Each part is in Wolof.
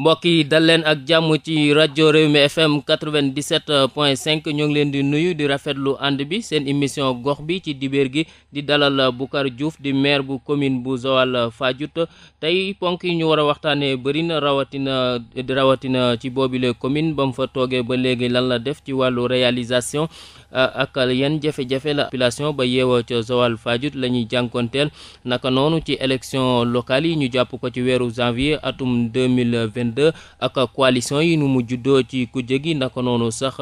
mbokk yi dal leen ak jàmm ci rajo Rewmi FM 97.5 ñoo ngi leen di nuyu di rafetlu ànd bi seen émission gox bi ci dibéer gi di dalal Boucar Diouf di maire bu commune bu Joal Fadiouth tey ponk yi ñu war a waxtaanee bëri na rawatina rawatina ci boobile commune ba mu fa toogee ba léegi lan la def ci wàllu réalisation euh, ak yan jafe-jafe la population ba yeewoo ca Joal Fadiouth la ñuy jànkonteel naka noonu ci élection locale yi ñu jàpp ko ci weeru janvier atum 2022 ak coalition yi nu mu juddoo ci kujje gi naka noonu sax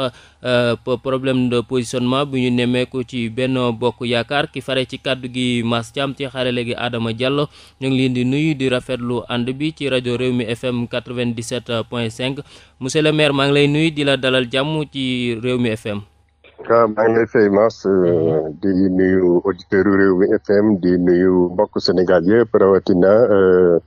euh, problème de positionnement bu ñu nemmeeku ci benn bokk yaakaar ki fare ci kàddu gi Mass Thiam ci xarale gi Adama jàll ñu ngi leen di nuyu di rafetlu ànd bi ci rajo réew mi FM 97.5 monsieur le maire maa ngi lay nuyu di la dalal jàmm ci Rewmi FM. waaw maa ngi lay fay Mass euh, di nuyu auditeurs Rewmi FM di nuyu mbokk Sénégal yëpp rawatina. Euh,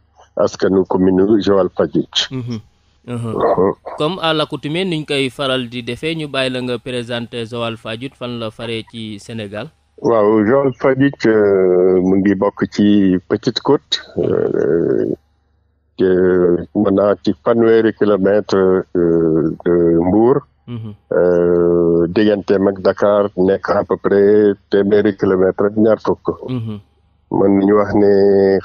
askanu commune Joal Fadiouth mhm. Mhm. Uh-huh. comme à l'accoutumée niñ koy faral di defee ñu bàyyi la nga présenté Joal Fadiouth fan la faree ci Sénégal waaw Joal Fadiouth euh, mu ngi bokk ci Petite Côte euh, euh, mën naa ci fanweeri kilomètre de Mbour mhm. digganteem ak Dakar nekk à peu près téeméeri kilomètre fukk man ñu wax ne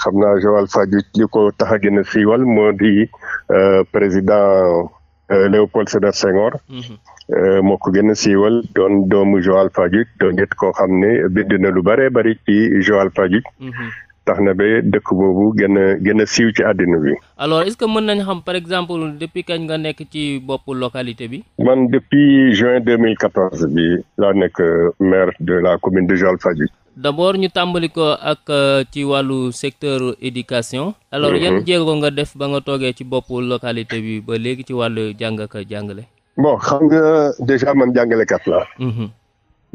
xam naa Joal Fadiouth li ko tax a gën a siiwal moo di euh, président euh, Léopold Sédar Senghor mhm. euh, moo ko gën a siiwal doon doomu Joal Fadiouth doon nit koo xam ne bind na lu bëree bëri ci Joal Fadiouth mhm. tax na ba dëkk boobu gën a gën a siiw ci àddina bi. alors est mën nañ xam par exemple depuis kañ nga nekk ci boppu localité bi. man depuis juin deux 2014 bi laa nekk maire de la commune de Joal Fadiouth. d'abord ñu tàmbali ko ak euh, ci wàllu secteur éducation. alors yan mhm. jéego nga def ba nga toogee ci boppu localité bi ba léegi ci wàllu jàng ak jàngale. bon xam nga déjà man jàngalekat laa. Mhm.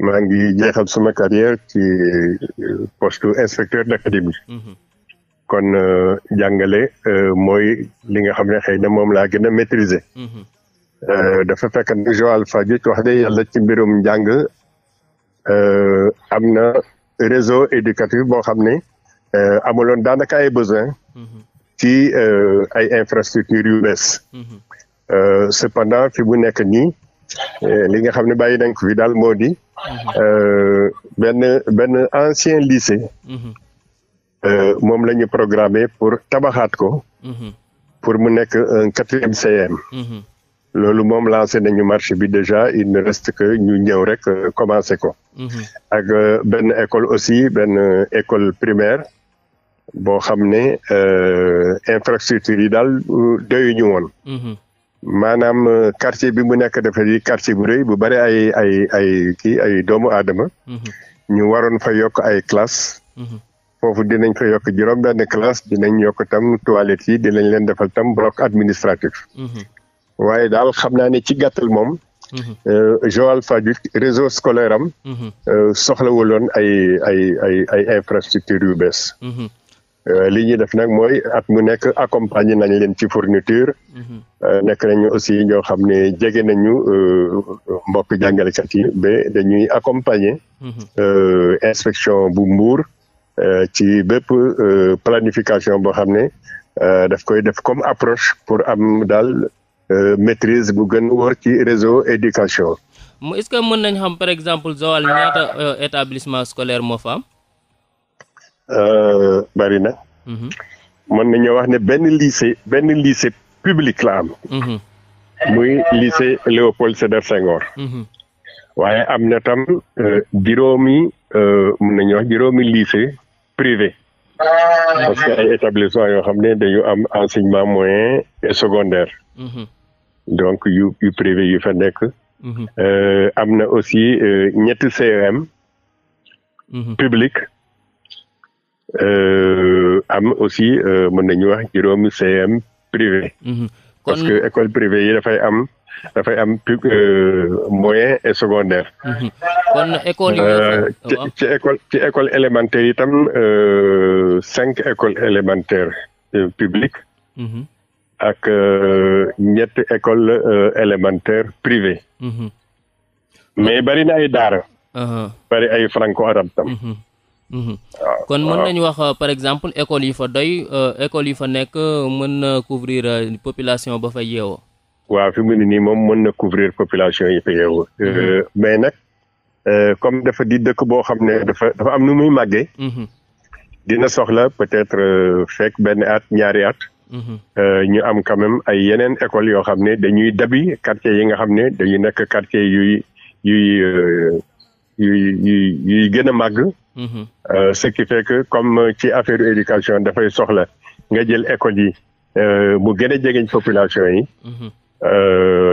maa ngi jeexal sama carrière ci euh, poste inspecteur d'académie. Mhm. kon euh, jàngale mooy li nga xam ne xëy na moom laa gën a maîtriser. dafa fekk nag Joal Fadiouth wax dëgg yàlla ci mbirum njàng am na. réseau éducatif boo xam ni euh, amuloon daanaka ay besoin mhm. ci euh, ay infrastructures yu bees mhm. euh, cependant fi bu nekk nii li nga xam ne bàyyi nañ ko fi daal moo di mhm. benn benn ancien lycée moom la ñu programmé pour tabaxaat ko pour mu nekk un quatrième CM loolu moom lancé nañu marché bi déjà il ne reste que ñu ñëw rek euh, commencé ko. Mhm. ak euh, benn école aussi benn euh, école primaire boo xam ne infrastructure yi daal doyuñu woon. Mhm. maanaam quartier bi mu nekk dafa yi quartier bu rëy bu bëri ay ay ay kii ay doomu aadama. Mhm. ñu waroon fa yokk ay classe foofu dinañ fa yokk juróom benn classe dinañ yokk tam toilettes yi dinañ leen defal tam bloc administratif. waaye daal xam naa ne ci gàttal moom. Mhm. Euh, Joal Fadiouth réseau scolaire am. Mhm. Euh, soxlawuloon ay ay ay ay infrastructure yu bees. Mhm. Euh, li ñuy def nag mooy at mu nekk accompagner nañ leen ci fourniture. nekk nañu aussi ñoo xam ne jege nañu mbokk jàngalekat yi ba dañuy accompagner. inspection bu mbuur ci bépp planification boo xam ne daf koy def comme approche pour am daal Euh, maîtrise bu gën wóor ci réseau éducation. est que mën nañ xam par exemple Joal ñaata euh, établissement scolaire moo fa am. Euh, na. Mhm. mën nañoo wax ne benn lycée benn lycée public la am. Mhm. muy lycée Léopold Sédar Senghor. Mhm. waaye am na juróomi mën nañu wax juróomi lycée privé. parce que ay établissement yoo xam ne dañu am enseignement moyen et secondaire. donc yu yu privé yu fa nekk. Mhm. Euh, am na aussi euh, ñetti CEM. Mhm. public. Euh, am aussi mën nañu wax juróomi CEM privé. Mhm. parce que école privée yi dafay am dafay am moyen et secondaire. kon école yi ci école ci école élémentaire itam cinq écoles élémentaires publiques. ak euh, ñetti école euh, élémentaire privée mhm. mais bari na ay daara bari ay franco arabe tam mhm. Mhm. Ah, kon mën nañu wax euh, par exemple école yi fa doy école yi fa nekk mën na couvrir population ba fa yeewoo waaw fi mu ne nii moom mën na couvrir population yi fa yeewoo mais nag comme dafa di dëkk boo xam ne dafa dafa am nu muy màggee dina soxla peut-être fekk benn at ñaari at Euh, ñu am quand ay yeneen école yoo xam ne dañuy dabi quartier yi nga xam ne dañuy nekk quartier yuy euh, yuy yuy yuy gën a màgg. Mhm. Euh, ce qui fait que comme ci affaire éducation dafay soxla nga jël école yi mu gën a jegeñ population yi. Mhm.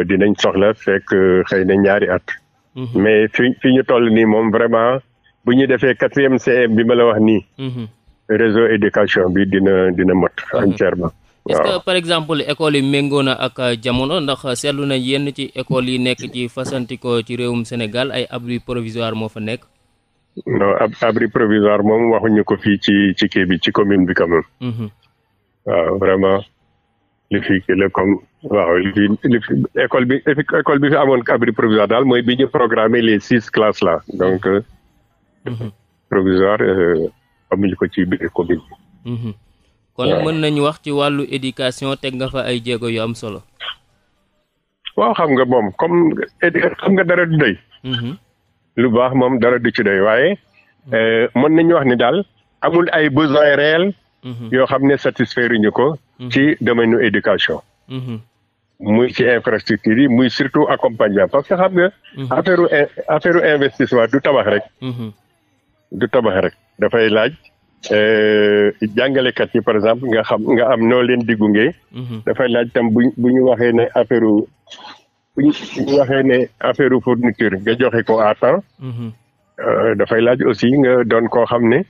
dinañ soxla fekk xëy na ñaari at. Mhm. mais fi fi ñu toll nii moom vraiment bu ñu defee quatrième CM bi ma la wax nii. réseau éducation bi dina dina mot entièrement. est-ce que par exemple école yi méngoo na ak euh, jamono ndax seetlu na yenn ci école yi nekk ci fasantikoo ci réewum Sénégal ay abri provisoire moo fa nekk. non ab abri moom waxuñu ko fii ci ci kii bi ci commune bi quand même. Mhm. waaw vraiment li fi kii la comme waaw li fi école bi école bi fi amoon abri provisoire daal mooy bi ñu programmé les six classes là donc. Mhm. provisoire euh, amuñu ko ci biir commune bi. Mhm. kon mën nañu wax ci wàllu éducation teg nga fa ay jéego yu am solo. waaw xam nga moom comme xam nga dara du doy. Mhm. lu baax moom dara du ci doy waaye euh, mën nañu wax ni daal amul ay besoins réels. Mhm. yoo xam ne satisfaire ñu ko. Mhm. ci domaine nu éducation. muy ci infrastructure yi muy surtout accompagnement parce que xam nga. affaire affaire investissement du tabax rek. du tabax rek dafay laaj. Euh, jàngalekat yi par exemple nga xam nga am noo leen di gunge. Mhm. dafay laaj tam bu bu ñu waxee ne affaire bu ñu waxee ne affaire fourniture nga joxe ko à temps. Mhm. Euh, dafay laaj aussi nga doon koo xam ne.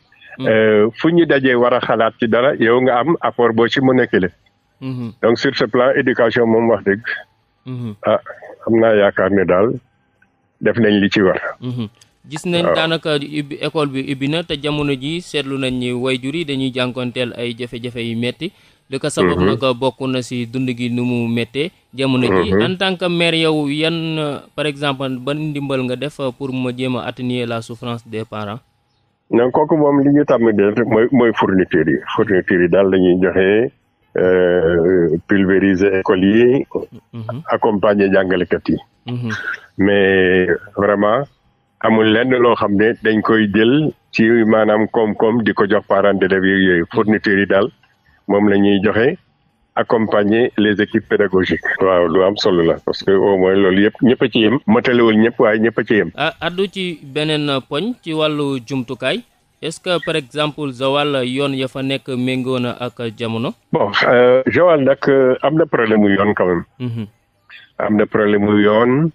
Mhm. Euh, fu ñu dajee war a xalaat ci dara yow nga am apport boo ci mën a kële. donc sur ce plan éducation moom wax dëgg. ah am naa yaakaar ne daal def nañ li war. gis nañ daanaka ubbi école bi ubbi na te jamono ji seetlu nañ ni wayjur yi dañuy jànkonteel ay jafe-jafe yu metti li ko sabab mhm. nag bokk na si dund gi nu mu méttee jamono ji mhm. en tant que maire yow yan par exemple ban ndimbal nga def pour ma jéem a atténuer la souffrance des parents non kooku moom li ñu tàmm def mooy mooy fourniture yi fourniture yi daal la ñuy joxe euh, pulvériser école yi mhm. accompagner jàngalekat yi mais vraiment amul lenn loo xam ne dañ koy jël ci maanaam koom-koom di ko jox parents d'élèves yooyu fournitures yi daal moom la ñuy joxe accompagner les équipes pédagogiques. waaw lu am solo la parce que au moins loolu yëpp ñëpp a ci yem matalewul ñëpp waaye ñëpp ci ci a addu ci beneen poñ ci wàllu jumtukaay. est-ce que par exemple Joal yoon ya fa nekk méngoo na ak jamono. bon euh, Joal nag euh, am na problème mu yoon quand mm-hmm. am na problème mu yoon.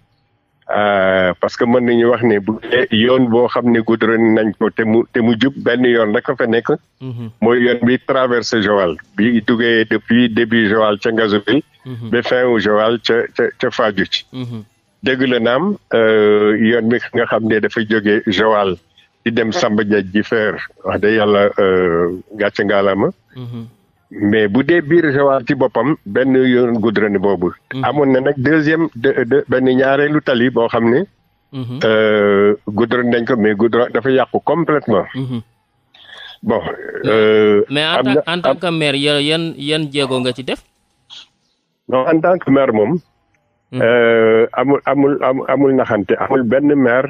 Euh, parce que mën nañu wax ne bu yoon boo xam ne goudron nañ ko te mu te mu jub benn yoon rek fa nekk. Mm-hmm. mooy yoon bi traversé Joal bi duggee depuis début Joal ca Ngazobil. Mm-hmm. ba fin wu Joal ca ca ca Fadiouth. Mm-hmm. dégg la naam euh, yoon bi nga xam ne dafa jógee Joal di dem Samba Diagne ji feer wax dëgg yàlla euh, gàcce ngalama mais bu dee biir Joal ci boppam benn yoon goudron boobu. Mhm. amoon na nag deuxième de de benn ñaareelu tali boo xam ne. Mhm. Euh, goudron dañ ko mais goudron dafa yàqu complètement mhm. bon. Euh, mais en tant en tant que maire yan yan nga ci def. non en tant que maire moom. Euh, amul amul amul naxante amul benn maire.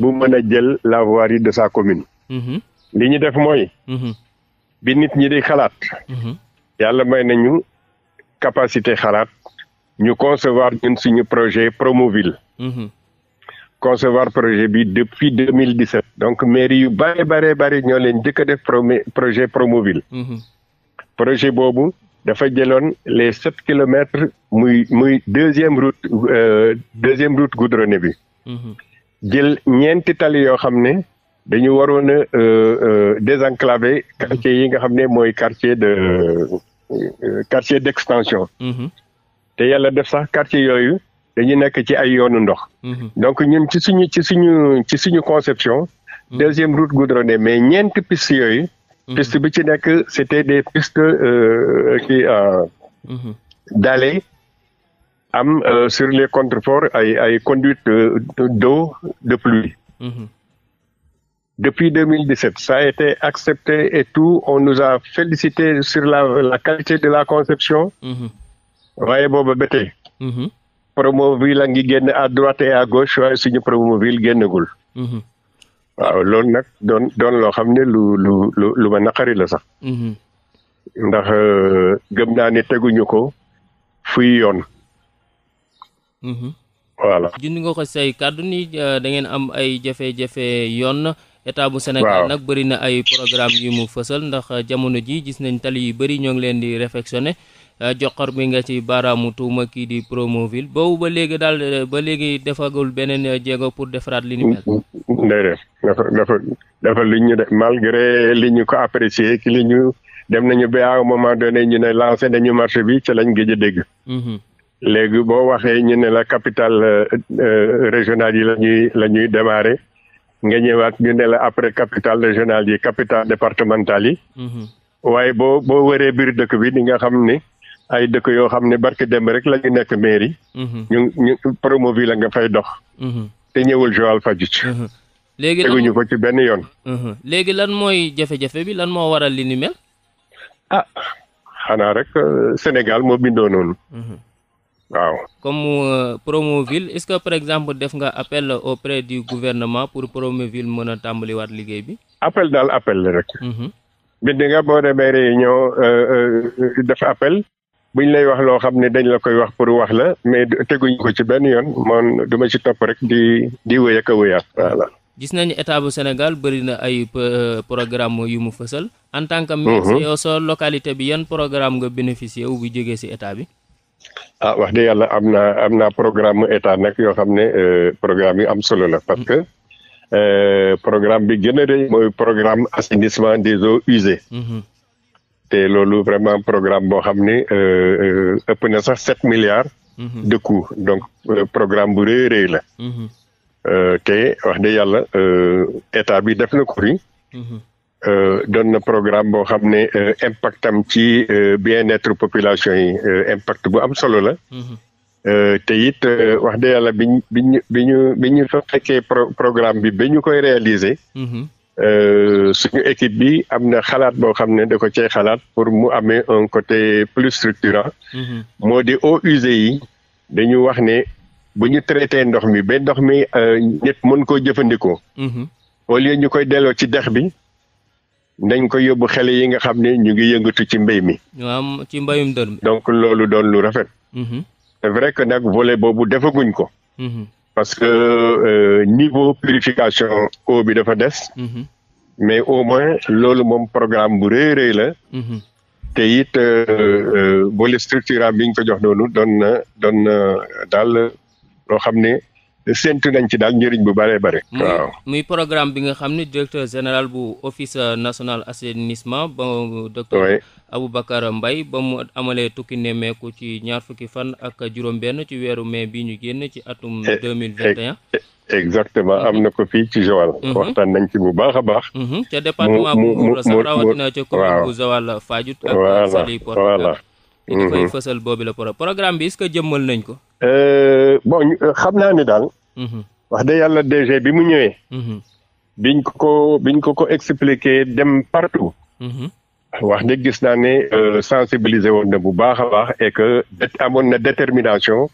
bu mën jël la voirie de sa commune. li ñu def mooy. bi nit ñi di xalaat. Mhm. yàlla may nañu capacité xalaat ñu concevoir ñun suñu projet Promoville. Mhm. concevoir projet bi depuis 2017. donc mairie yu bare bare bare ñoo leen njëkk a def projet promobile mhm. projet boobu dafa jëloon les sept kilomètres muy muy deuxième route euh, deuxième route goudronnée bi. jël ñeenti tali yoo xam ne. dañu waroon a euh, euh, désenclaver quartier yi nga xam ne mooy quartier de euh, quartier d'extension. Mm-hmm. te yàlla def sax quartier yooyu dañu nekk ci ay yoonu ndox. Mm-hmm. donc ñun ci suñu ci suñu ci suñu conception. Mm-hmm. deuxième route goudronnée mais ñeent piste yooyu. piste bi ci nekk c'était des pistes qui dale am sur les contreforts ay ay conduites d'eau de pluie. depuis 2017. Ça a été accepté et tout. On nous a félicité sur la, la qualité de la conception. Mhm. waaye booba ba tey. Mhm. a ngi génn à droite et à gauche waaye suñu Promoville génnagul. Mhm. waaw loolu nag doon doon loo xam ne lu lu lu lu ma la sax. ndax euh, gëm naa ne teguñu ko fuy yoon. voilà. junj ko say kàddu ni euh, am ay jafe-jafe yoon. état bu Sénégal nag bëri na ay programme yu mu fësal ndax euh, jamono ji gis nañ tali yu bëri ñoo ngi leen di réfectionné euh, joxor bi nga ci baaraamu tuuma kii di Promoville boobu ba léegi daal euh, ba léegi defagul beneen jéego pour defaraat li ni mel. déedéet dafa dafa dafa li ñu def malgré li ñu ko apprécier ki li ñu dem nañu ba à un moment donné ñu ne lancé nañu marché bi ci lañ gëj a dégg. Mhm. léegi boo waxee ñu ne la capitale régionale yi la ñuy nga ñëwaat ñu ne la après capitale régionale yi capitale départementale yi. Mhm. waaye boo boo wëree biir dëkk bi di nga xam ni ay dëkk yoo xam ne barke demb rek la nekk mairie. Mhm. ñu ñu promovie la nga fay dox. Mhm. te ñëwul Joal Fadiouth. léegi lan teguñu ko ci benn yoon. léegi lan mooy jafe-jafe bi lan moo waral li ni mel. ah xanaa rek euh, Sénégal moo bindoo noonu. waaw comme euh, Promoville est-ce que par exemple def nga appel auprès du gouvernement pour Promoville mën a tàmbali waat liggéey bi. appel daal appel la rek. Mhm. bind nga boo demee réunion euh, euh, def appel buñ lay wax loo xam ne dañ la koy wax pour wax la mais teguñu ko ci benn yoon moom du ma ci topp rek di di wéy ak a wéyaat voilà. gis nañu état bu Sénégal bëri na ay programme yu mu fësal. en tant que. maire yow mhm. sa bi yan programme nga bénéficier wu bu jógee ci état bi. a ah, wax dëgg yàlla am naa am naa programme état nag yoo xam ne euh, programme yu am solo la parce que euh, programme bi gën a mooy programme assainissement des eaux usées mhm. te loolu vraiment programme boo xam ne euh, ëpp na sax sept milliards mhm. de coût donc programme bu rëy rëy la mhm. te wax dëgg yàlla état bi def na ko Euh, doon na programme boo xam ne euh, impact am ci euh, bien-être population yi impact bu am solo la. Mhm. te it wax dëgg yàlla bi ñu bi ñu bi ñu bi ñu programme bi ba ñu koy réaliser. Mhm. suñu équipe bi am na xalaat boo xam ne da ko cee xalaat pour mu amee un côté plus structurant. Mhm. moo di eaux usées yi dañu wax ne bu ñu traité ndox mi ba ndox mi nit mën koo jëfandikoo. au ñu koy delloo ci dex bi. nañ ko yóbbu xale yi nga xam ne ñu ngi yëngatu ci mbéy mi. waaw ci mbéyum dër. donc loolu doon lu rafet. Mhm. c'est vrai que nag volet boobu defaguñ ko. Mhm. parce que euh, niveau purification eau bi dafa des. Mhm. mais au moins loolu moom programme bu rëy rëy la. te it euh, euh, volet structurant bi ñu ko jox noonu doon doon na daal loo xam ne séntu nañ ci daal njëriñ bu bëree bëri. waaw muy programme bi nga xam ne directeur général bu office national assainissement ba docteur Aboubacar mbay ba mu amalee tukki nemmeeku ci ñaar fukki fan ak juróom-benn ci weeru mais bi ñu génn ci atum eh, eh, deux mille vingt et un eh, exactement am na ko fii ci Joal. Mhm. waxtaan nañ ci bu baax a baax. Mhm. mu mu mu mu mu mu mu mu mu mu mu mu mu mu te dafay mhm. fësal boobu la programme bi est-ce que jëmmal nañ ko. Euh, bo euh, xam naa ne daal. Mhm. wax dëgg yàlla DG bi mu ñëwee. Mhm. biñ ko ko biñ ko ko expliqué dem partout. wax dëgg gis naa ne euh, sensibiliser woon na bu baax a baax que amoon na détermination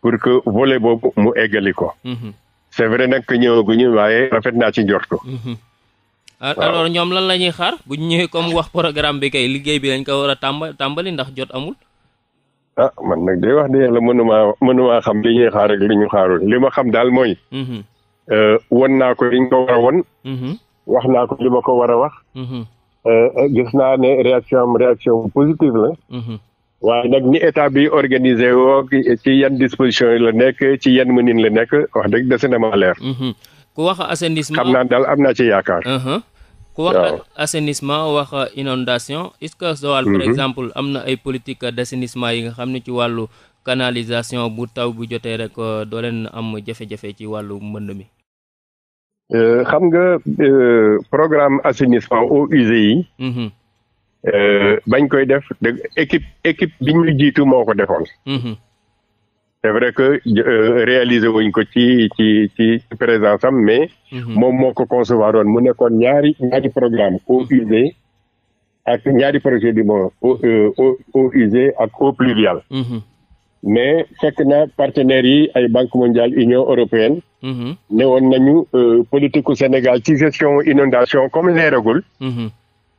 pour que volet boobu mu eggali ko. c'est vrai nag ñëwaguñu waaye rafet naa ci njort ko. alors ñoom lan la ñuy xaar bu ñu ñëwee comme wax programme bi kay liggéey bi lañ ko war a tàmba tàmbali ndax jot amul. ah man nag day wax de yàlla mënumaa mënumaa xam li ñuy xaar ak li ñu xaarul li ma xam daal mooy. Mhm. Euh, won naa ko li ko war won. Mhm. wax naa ko lima ko war a wax. Mhm. Euh, euh, gis naa ne réaction am réaction positive la. waaye nag ni état bi organisé woo ci yan disposition yi la nekk ci yan mënin la nekk wax dëgg dese ku wax assainissement xam naa daal am naa ci yaakaar. Uh-huh. ku wax assainissement wax inondation est-ce que Joal par mm-hmm. exemple am na ay politique d'assainissement yi nga xam ne ci wàllu canalisation bu taw bu jotee rek uh, doo am jafe-jafe ci wàllu mbënd mi. Euh, xam nga euh, programme assainissement eaux usées yi. Mm-hmm. Euh, bañ koy def équipe équipe bi ñu jiitu moo ko defoon. Mm-hmm. c'est vrai que euh, réaliser wuñ ko ci ci ci présence am mais. Mhm. moom moo ko concevoir woon mu nekkoon ñaari ñaari programme eaux usées ak ñaari projet du mot eaux usées ak eaux pluviales. Mhm. mais fekk na partenaires yi ay banque mondiale union européenne. Mhm. ne woon nañu euh, politique ku Sénégal ci gestion inondation comme leeragul.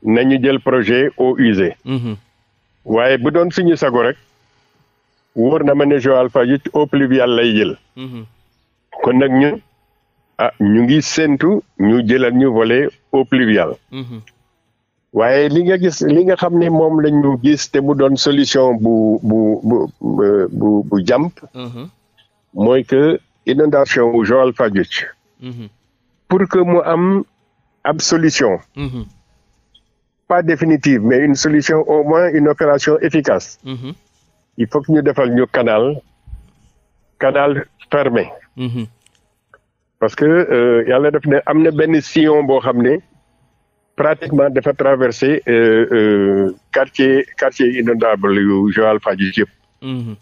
nañu jël projet eaux usées. waaye bu doon suñu sago rek. wóor na ma ne Joal Fadiouth o pluviales lay jël. Mhm. kon nag ñun ah ñu ngi séntu ñu jëlal ñu volet eaux pluviales. Mhm. waaye li nga gis li nga xam ni moom la ñu gis te mu doon solution bu bu bu bu mhm. mooy que inondation wu Joal Fadiouth. pour que mu am ab solution. pas définitive mais une solution au moins une opération efficace. il faut que ñu defal ñu canal canal fermé. Mmh. parce que euh, yàlla def na am na benn sillon boo xam ne pratiquement dafa traversé euh, euh, quartier quartier inondable yu Joal Fadiouth yëpp. Mmh.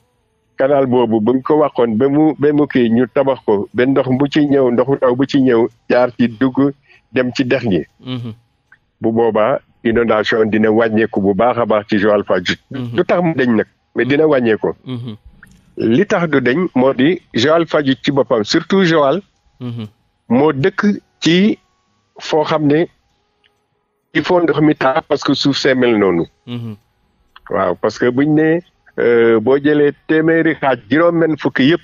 canal boobu buñ ko waxoon ba mu ba ñu tabax ko ba ndox mu ci ñëw ndoxu taw bu ci ñëw jaar ci dugg dem ci dex gi. Mhm. bu boobaa inondation dina wàññeeku bu baax a baax ci Joal Fadiouth. Mhm. lu tax mu dañ nag. mais dina wàññeeku. Mhm. li tax du deñ moo di Joal Fadiouth ci boppam surtout Joal. Mhm. moo dëkk ci foo xam ne il faut ndox mi taa parce que suuf see mel noonu. Mhm. waaw parce que buñ ne euh, boo jëlee téeméeri xaaj juróom-benn fukki yëpp.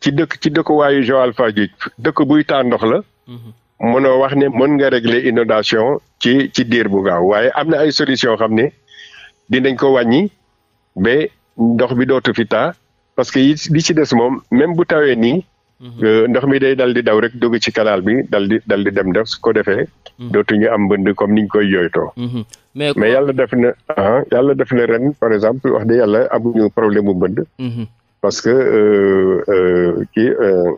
ci dëkk ci dëkkuwaayu Joal Fadiouth dëkk buy taa ndox la. mënoo wax ne mën nga réglé inondation ci ci diir bu gaaw waaye am na ay solution xam ne dinañ ko wàññi. ba ndox bi dootu fi taa parce que li ci des moom même bu tawee nii. Mhm. Euh, ndox mi day daal di daw rek dugg ci canal bi dal di dal di dem def su ko defee. Mhm. dootuñu am mbënd comme niñ koy jooytoo. Mhm. mais mais yàlla def na ah yàlla def ren par exemple wax dëgg yàlla amuñu problème bu mbënd. parce que euh, euh, kii euh,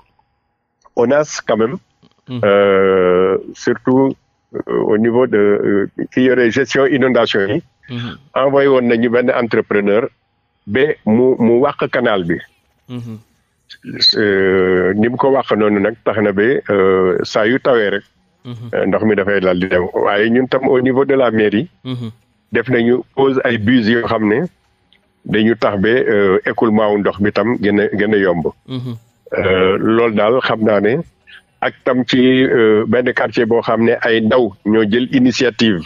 euh, surtout au niveau de ki yore gestion inondation yi. Mm-hmm. envoyé woon nañu benn entrepreneur ba mu mu wàq kanaal bi. Mm-hmm. Euh, ni mu ko wàq noonu nag tax na ba euh, saa yu tawee rek. Mm-hmm. Euh, ndox mi dafay daal di dem waaye ñun tam au niveau de la mairie. def nañu pose ay bus yoo xam ne dañu tax ba écoulement wu ndox mi tam gën a gën yomb. loolu daal xam naa ne ak tam ci benn quartier boo xam ne ay ndaw ñoo jël initiative.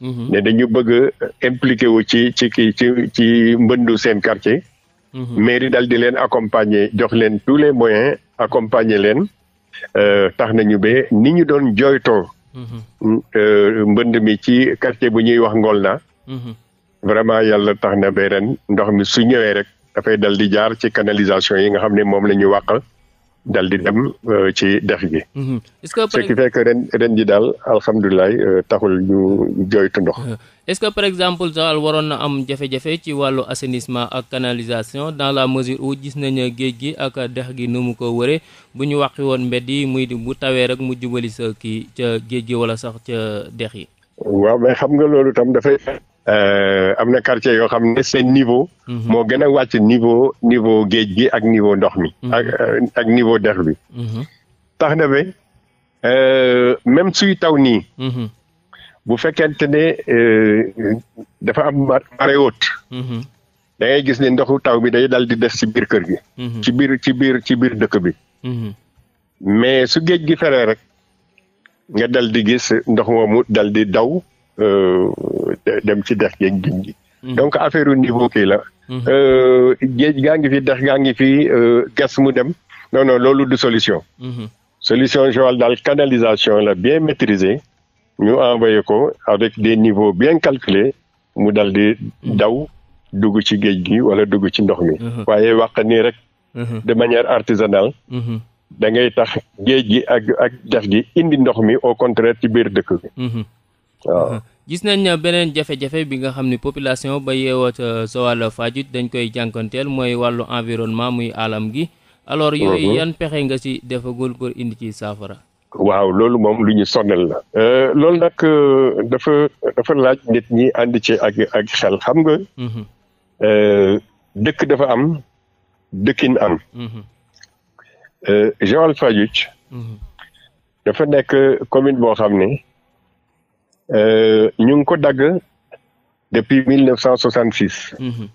Mm-hmm. ne dañu bëgg impliqué wu ci ci ci ci mbëndu seen quartier. Mm-hmm. mairie dal di leen accompagner jox leen tous les moyens accompagner leen euh, tax nañu ba ni ñu doon jooytoo. Mm-hmm. Euh, mbënd mi ci quartier bu ñuy wax Ngolna. vraiment yàlla tax na ba ren ndox mi su ñëwee rek dafay dal di jaar ci canalisation yi nga xam ne moom la ñu wàq. dal di dem euh, ci dex gi. Mhm. est-ce que ce qui fait ren ji daal alhamdulilah euh, taxul ñu jooytu ndox. Euh, est-ce que par exemple daal waroon na am jafe-jafe ci wàllu assainissement ak canalisation dans la mesure où gis nañu géej gi ak dex gi nu mu ko waree bu ñu waxi woon mbedd yi muy bu tawee rek mu jubali sa kii ca géej gi wala sax ca dex yi. waaw mais xam nga loolu tam dafay euh, am na quartier yoo xam ne seen niveau. Mhm. moo gën a wàcc niveau niveau géej gi ak niveau ndox mi. Mhm. ak ak niveau dex bi. Mhm. tax na ba euh, même suy taw nii. bu fekkente ne euh, dafa am marée haute. gis ne ndoxu taw bi day dal di des ci biir kër gi. ci biir ci biir ci biir dëkk bi. mais su géej gi feree rek. nga dal di gis ndox moomu dal di daw euh, dem ci dex géej gi. Hmm. donc affaire niveau kii la. Hmm. Euh, géej gaa ngi fi dex gaa ngi fi euh, gas mu dem non non loolu du solution. Hmm. solution Joal daal canalisation la bien maîtrisée ñu envoyé ko avec des niveaux bien calculés mu dal di daw dugg ci géej gi wala dugg ci ndox mi. waaye wax nii rek. de manière artisanale. da ngay tax géej gi ak ak dex gi indi ndox mi au contraire ci biir dëkk bi mhm. waaw mhm. gis nañ uh, beneen jafe-jafe bi nga xam ne population ba yeewoot Joal uh, Fadiouth dañ koy jànkoonteel mooy wàllu environnement muy alam gi alors yooyu mhm. yan pexe nga ci defagul pour indi ci saafara waaw loolu moom lu ñu sonal la euh, loolu nag euh, dafa dafa laaj nit ñi ànd ci ak ak xel xam nga euh, dëkk dafa am dëkkin am Euh, Joal Fadiouth mhm. dafa nekk commune boo xam ne euh, ñu ngi ko dagg depuis mille neuf cent soixante six mhm.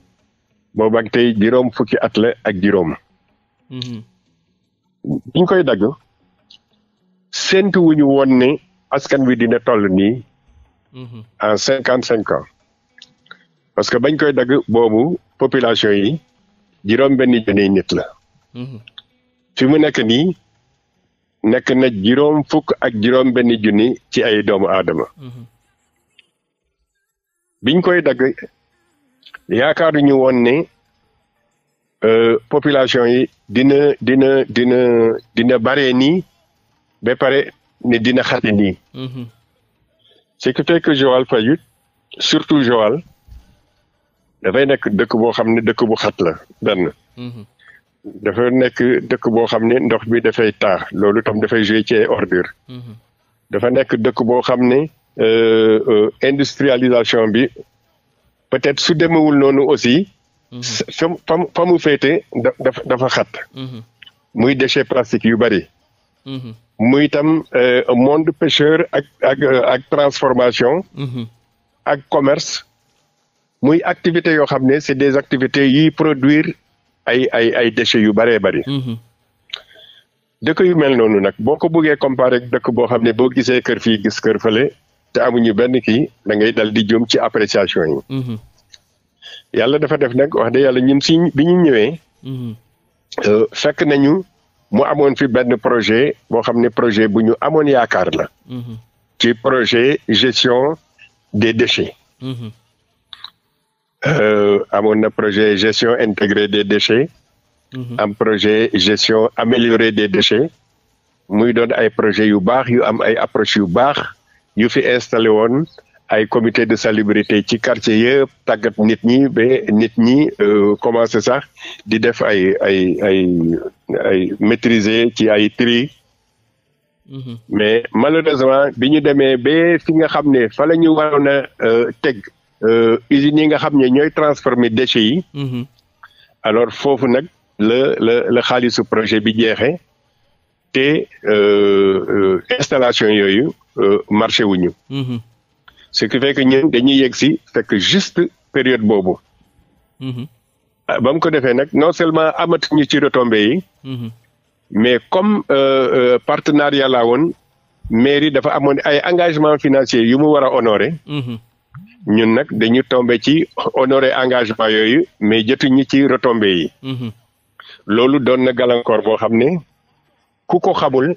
boobu ak tey juróom fukki at la ak juróom mhm. ñu koy dagg séntu woon ne askan bi dina toll nii en cinquante cinq ans parce que bañ koy dagg boobu population yi juróom benn junniy nit la fi mu nekk nii nekk na juróom fukk ak juróom benn junni ci ay doomu aadama mhm. biñ koy dagg yaakaaruñu woon ne euh, population yi dina dina dina dina bare nii ba pare ne dina xate nii mhm. ce qui fait que Joal Fadiouth surtout Joal dafay nekk dëkk boo xam ne dëkk bu xat la benn mhm. dafa nekk dëkk boo xam ne ndox bi dafay taa loolu tam dafay joué ci ordure mhm. dafa nekk dëkk boo xam ne euh, euh, industrialisation bi peut-être su demewul noonu aussi fam mhm. fam fa mu féete dafa dafa xat mhm. muy déchet plastique yu bari muy tam euh, monde pêcheur ak ak ak transformation ak commerce muy activité yoo xam ne c'est des activités yuy produire ay ay ay déchets yu bëree bëri. Mm-hmm. dëkk yu mel noonu nag boo ko bëggee comparé dëkk boo xam ne boo gisee kër fii gis kër fale te amuñu benn kii da ngay dal di jëm ci appréciation yi. Mm yàlla dafa def nag wax dëgg yàlla ñun si bi ñu ñëwee. Mm fekk nañu mu amoon fi benn projet boo xam ne projet bu ñu amoon yaakaar la. ci projet gestion des déchets. Euh, amoon na projet gestion intégrée des déchets. Mhm. am projet gestion améliorée des déchets. muy doon ay projet yu baax yu am ay approche yu baax yu fi installé woon ay comité de salubrité ci quartier yëpp tàggat nit ñi ba nit ñi euh, commencé sax di def ay ay ay ay maîtriser ci ay tri mhm. mais malheureusement bi ñu demee bi fi nga xam ne fa la ñu waroon a euh, teg Euh, usines yi nga xam ne ñooy transformer déchets yi. Mhm. alors foofu nag la la la xaalisu projet bi jeexee te euh, installation yooyu euh, marché wuñu mhm. ce qui fait que ñun dañuy yegg si fekk juste période boobu. Mhm. Ah, ba mu ko defee nag non seulement ñu ci retombées yi. mais comme euh, euh, partenariat laa woon mairie dafa amoon ay engagements financiers yu mu war a honorer. ñun nag dañu tombe ci honorer engagement yooyu mais jotuñu ci retombé yi. Mhm. loolu doon na gàllankoor boo xam ne ku ko xamul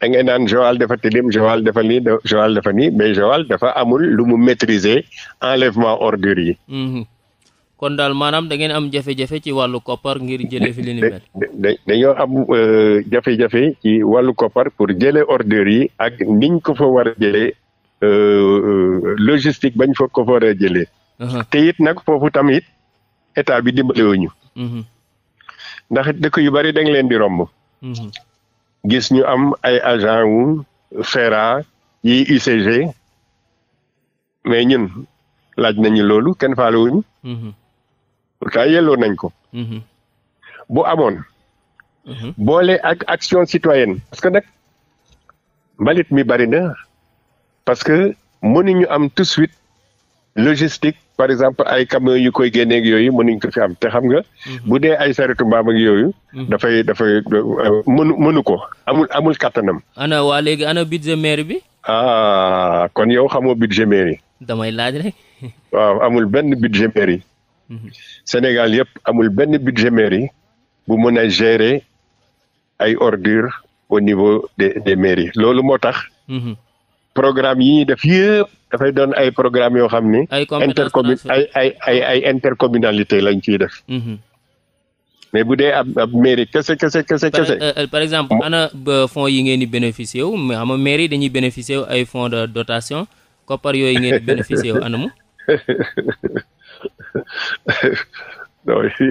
da ngay naan Joal dafa tilim Joal dafa nii Joal dafa nii mais Joal dafa amul lu mu maîtriser enlèvement ordures yi. Mhm. kon daal maanaam da ngeen am jafe-jafe ci wàllu koppar ngir jëlee fi mel. dañoo am euh, jafe-jafe ci wàllu koppar pour jëlee ordures yi ak niñ ko fa war a Euh, euh, logistique bañ foog ko fooree jëlee. Uh-huh. te it nag foofu tamit état bi dimbalewuñu mm-hmm. ndax dëkk yu bari da leen di romb. Mm-hmm. gis ñu am ay agent wu FERA yi UCG mais ñun laaj nañu loolu kenn faalewuñu mm-hmm. pourtant yelloo nañ ko. bu amoon. boole ak action citoyenne parce que nag mbalit mi bari na. parce que mënuñu am tout de suite logistique par exemple ay camions yu koy génneeg yooyu mënuñ ko fi am te xam nga. Mhm. bu dee ay saretu mbaam yooyu. Mhm. dafay dafay mënu mënu ko amul amul kattanam. ana waa léegi ana budget maire bi. ah kon yow xamoo budget maire yi. damay laaj rek. waaw amul benn budget maire yi. Mhm. Sénégal yëpp amul benn budget maire yi bu mën a gérer ay ordure au niveau des des maires yi loolu moo tax. programme yi ñuy def yëpp dafay doon ay programme yoo xam ni. ay intercommun ay ay ay ay intercommunalité lañ ciy def. Mhm. mais bu dee ab ab mairie kese kese kese kese. Euh, par exemple ana fonds yi ngeen di bénéficier wu mais xam nga mairie dañuy bénéficier wu ay fonds de dotation koppar yooyu ngeen di bénéficier wu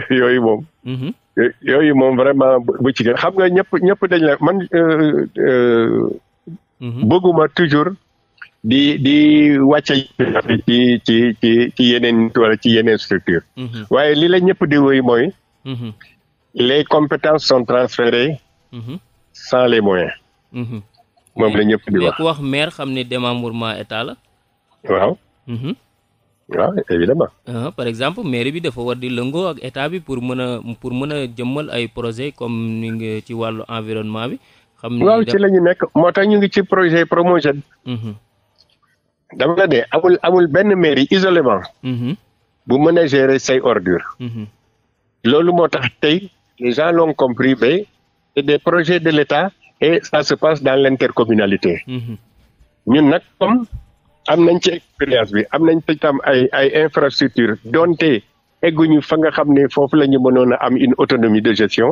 yooyu moom. Mhm. yooyu moom vraiment bu ci gën xam nga ñëpp ñëpp dañ la man. Euh, euh, Mm-hmm. bëgguma toujours di di wàcce ci ci ci yeneen nit wala ci yeneen structure mm-hmm. waaye li la ñëpp di wéy mooy mm-hmm. les compétences sont transférées sans les moyens moom la ñëpp di wax ku maire xam ne démembrement état la waaw waaw ah, par exemple mairie bi dafa war di lëngoo ak état bi pour mën a pour mën a jëmmal ay projet comme ni nga ci wàllu environnement bi xam ni waaw ci la ñu nekk moo tax ñu ngi ci projet Promogène. Mhm. dama la dee amul amul benn mairie isolément. Mhm. bu mën a gérer say ordures. Mhm. loolu moo tax tey les gens l'ont compris ba c'est des projets de l'État et ça se passe dans l'intercommunalité. ñun nag comme am nañ ci expérience bi am nañ ci tam ay ay infrastructures donte egguñu fa nga xam ni foofu la ñu mënoon a am une autonomie de gestion.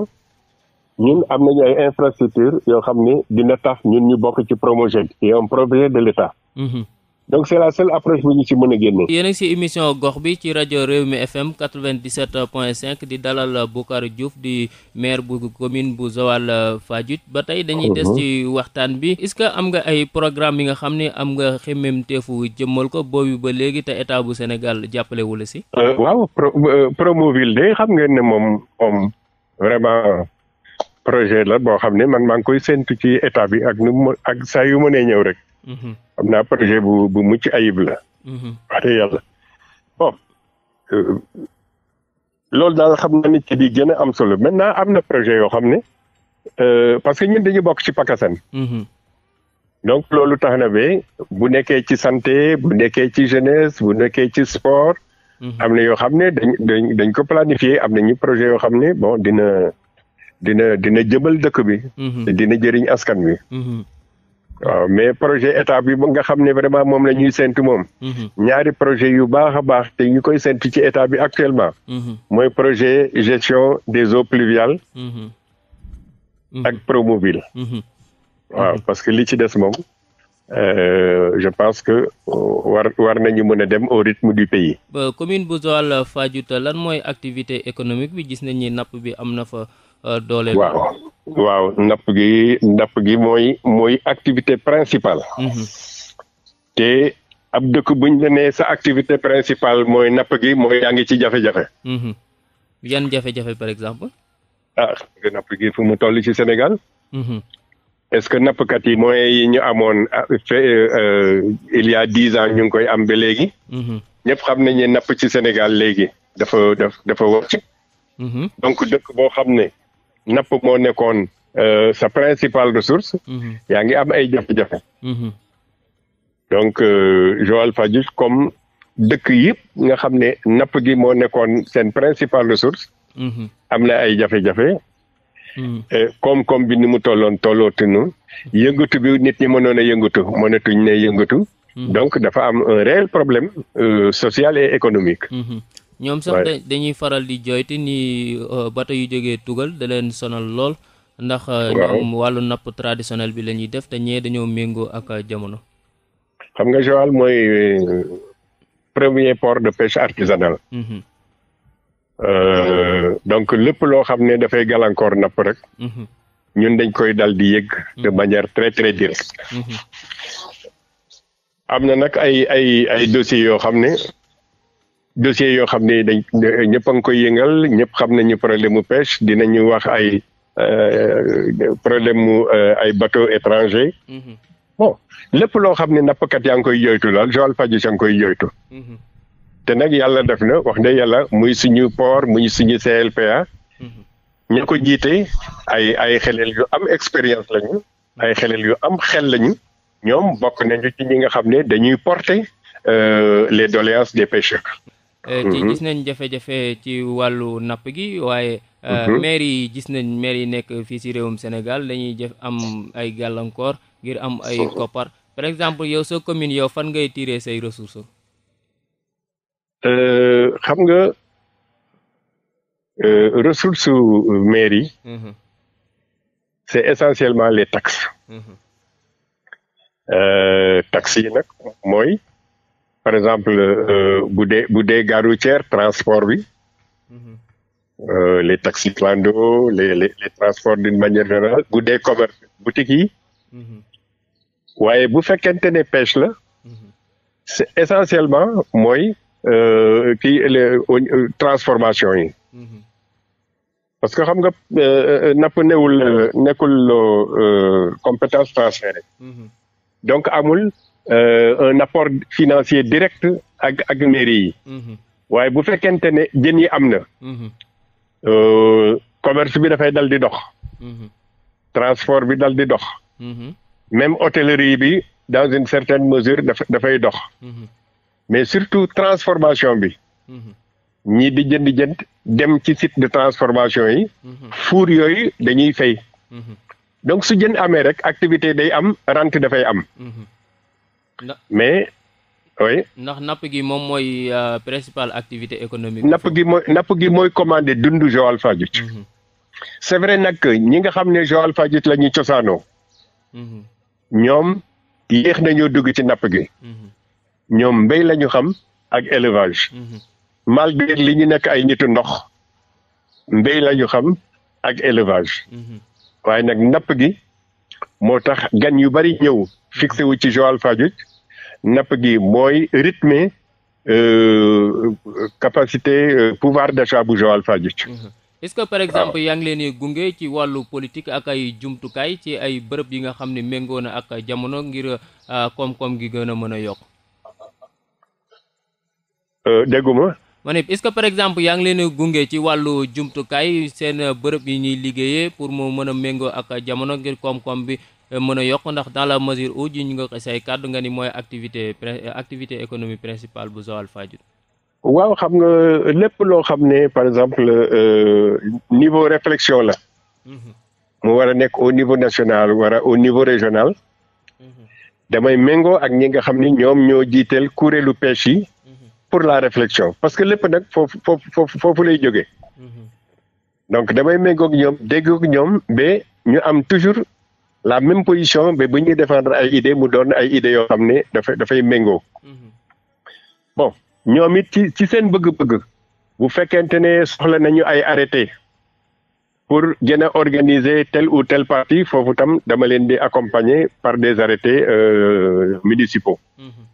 ñun am nañu ay infrastructure yoo xam ne dina tax ñun ñu bokk ci projet bi un projet de l'état mhm. donc c'est la seule bu ñu ci mën a génne. yéen a ci émission gox bi ci rajo Rewmi FM 97.5 di dalal Boucar Diouf di maire bu commune bu Joal Fadiouth ba tey dañuy des mhm. ci waxtaan bi est-ce que am nga ay programme yi nga xam ne am nga xemmemteefu jëmmal ko boobu ba léegi te état bu Sénégal jàppalewula si la euh, ci. waaw pro euh, Promoville de xam ngeen ne moom moom vraiment. projet la boo xam ne man maa ngi koy séntu ci état bi ak nu mu ak saa yu mënee ñëw rek. Mhm. xam naa projet bu bu mucc ayib la. Mhm. wax dëgg yàlla bon euh, loolu daal xam na nit ci di gën a am solo maintenant am na projet yoo xam ne euh, parce que ñun dañu bokk ci Pakistan. Mhm. donc loolu tax na ba bu nekkee ci santé bu nekkee ci jeunesse bu nekkee ci sport. am na yoo xam ne dañ dañ planifier am na ñu projet yoo xam ne dina. dina dina jëmal dëkk bi. Mhm. te dina jëriñ askan wi. Mhm. waaw mais projet état bi nga xam ne vraiment moom la ñuy séntu moom. Mhm. ñaari projet yu baax a baax te ñu koy séntu ci état bi actuellement. mooy projet gestion des eaux pluviales. ak Promoville. waaw parce que li ci des moom euh, je pense que euh, war war nañu mën a dem au rythme du pays. Euh, commune bu Joal Fadiouth lan mooy activité économique bi gis nañ napp bi am na fa. Euh, dooleel. waaw waaw napp gi napp gi mooy mooy activité principale. Mhm. te ab dëkk buñ la nee sa activité principale mooy napp gi mooy yaa ngi ci jafe-jafe. Mhm. yan jafe-jafe par exemple. ah napp gi fu mu toll ci Sénégal. Mhm. est-ce que nappkat yi moyens yi ñu amoon ah, euh, euh, il y a dix ans ñu ngi koy am ba léegi. ñëpp xam nañ ne napp ci Sénégal léegi dafa dafa dafa donc dëkk boo xam ne napp moo nekkoon euh, sa principale ressource. Mhm. yaa ngi am ay jafe-jafe. Mhm. donc euh, Joal-Fadiouth comme dëkk yëpp nga xam ne napp gi moo nekkoon seen principale ressource. Mhm. am na ay jafe-jafe. Euh, koom-koom bi nu mu tolloon tollootuñu yëngatu bi nit ñi mënoon a yëngatu mënatuñ ne yëngatu. donc dafa am un réel problème euh, social et économique. ñoom sax dañuy faral di joyti ni euh, bato yu jógee tugal da leen sonal lool ndax euh, ñoom wàllu napp traditionnel bi lañuy def te ñee dañoo méngoo ak euh, jamono xam nga Joal mooy premier port de pêche artisanal mm-hmm. donc lépp loo xam ne dafay galankoor napp rek mm-hmm. ñun dañ koy dal di yëg de mm-hmm. manière très très directe am na nag ay ay ay dossiers yoo xam ne dossiers yoo xam ne dañ ñëpp koy yëngal ñëpp xam nañu problème mu dina ñu wax ay euh, problème mu euh, ay bateau étranger mm-hmm. bon lépp loo xam ne nappkat yaa ngi koy joytu laal Joal Fadiouth a ngi koy joytu mm-hmm. te nag yàlla def na wax ne yàlla muy suñu port muy suñu CLPA mm-hmm. ñu ko jiite ay ay xelel yu am expérience lañu ay xelel yu am xel lañu ñoom bokk nañu ci ñi nga xam ne dañuy porter euh, les doléances des pêcheurs Euh, mhm. te gis nañ jafe-jafe ci wàllu napp gi waaye euh, mhm. maire yi gis nañ maire yi nekk fii si réewum Sénégal dañuy jëf am ay gàllankoor ngir am ay koppar par exemple yow sa commune yow fan ngay tirer say ressources euh, xam nga ressource maire yi mhm. c'est essentiellement les taxes taxes yi nag mooy par exemple euh, bu dee bu dee gare routière transport bi euh, les taxis clando les les les transports d'une manière générale bu dee commerce boutique yi waaye bu fekkente ne pêche la c'est essentiellement mooy euh, kii transformation yi parce que xam nga napp newul nekkul compétence transférée mhm. donc amul Euh, un apport financier direct ak ak mairie yi. Mm-hmm. waaye bu fekkente ne jën yi am na. Mm-hmm. Euh, commerce bi dafay dal di dox. Mm-hmm. transport bi dal di dox. même hôtellerie bi dans une certaine mesure dafay dox. mais surtout transformation bi. ñii di jënd jënd dem ci site de transformation yi. fuur yooyu dañuy fay. donc su jën amee rek activité day am rente dafay am. mais oui. ndax napp gi moom mooy euh, principale activité économique. napp gi mooy napp gi mooy commandé dund Joal Fadiouth. Mm-hmm. c' est vrai nag ñi nga xam ne Joal Fadiouth la ñuy cosaanoo. Mm-hmm. ñoom yéex nañoo dugg ci napp gi. Mm-hmm. ñoom mbéy la xam ak élevage. mal malgré li ñu nekk ay nitu ndox mbéy la ñu xam ak élevage. waaye nag napp gi. moo tax gan yu bari ñëw fixé wu ci Joal Fadiouth napp gi mooy rythme euh, capacité euh, pouvoir d'achat bu Joal Fadiouth. Mhm. est-ce que par exemple yaa ngi leen di gunge ci wàllu politique ak ay jumtukaay ci ay bërëb yi nga xam ni méngoo na ak jamono ngir euh, koom-koom gi gën a mën a yokk. Euh, dégguma. ma ne est-ce par exemple yaa ngi leen a gunge ci wàllu jumtukaay seen bërëb yi ñuy liggéeyee pour moo mën a méngoo ak jamono ngir koom-koom bi mën a yokk ndax dans la mesure où ji ñu nga say kàddu nga ni mooy activité activité économique principale bu Joal Fadiouth waaw xam nga lépp loo xam ne par exemple euh, niveau réflexion la mhm. mu war a nekk au niveau national war a au niveau régional mhm. damay méngoo ak ñi nga xam ni ñoom ñoo jiiteel kuréelu pêche yi pour la réflexion parce que lépp nag foofu foofu foofu lay jógee mhm. donc damay méngoog ñoom déggoog ñoom ba ñu am toujours la même position ba bu ñuy défendre ay idées mu doon ay idées yoo xam ne dafay dafay méngoo mhm. bon ñoom it ci ci seen bëgg-bëgg bu fekkente ne soxla nañu ay arrêté pour gën organiser tel ou tel partie foofu tam dama leen di accompagner par des arrêtés euh, municipaux mhm.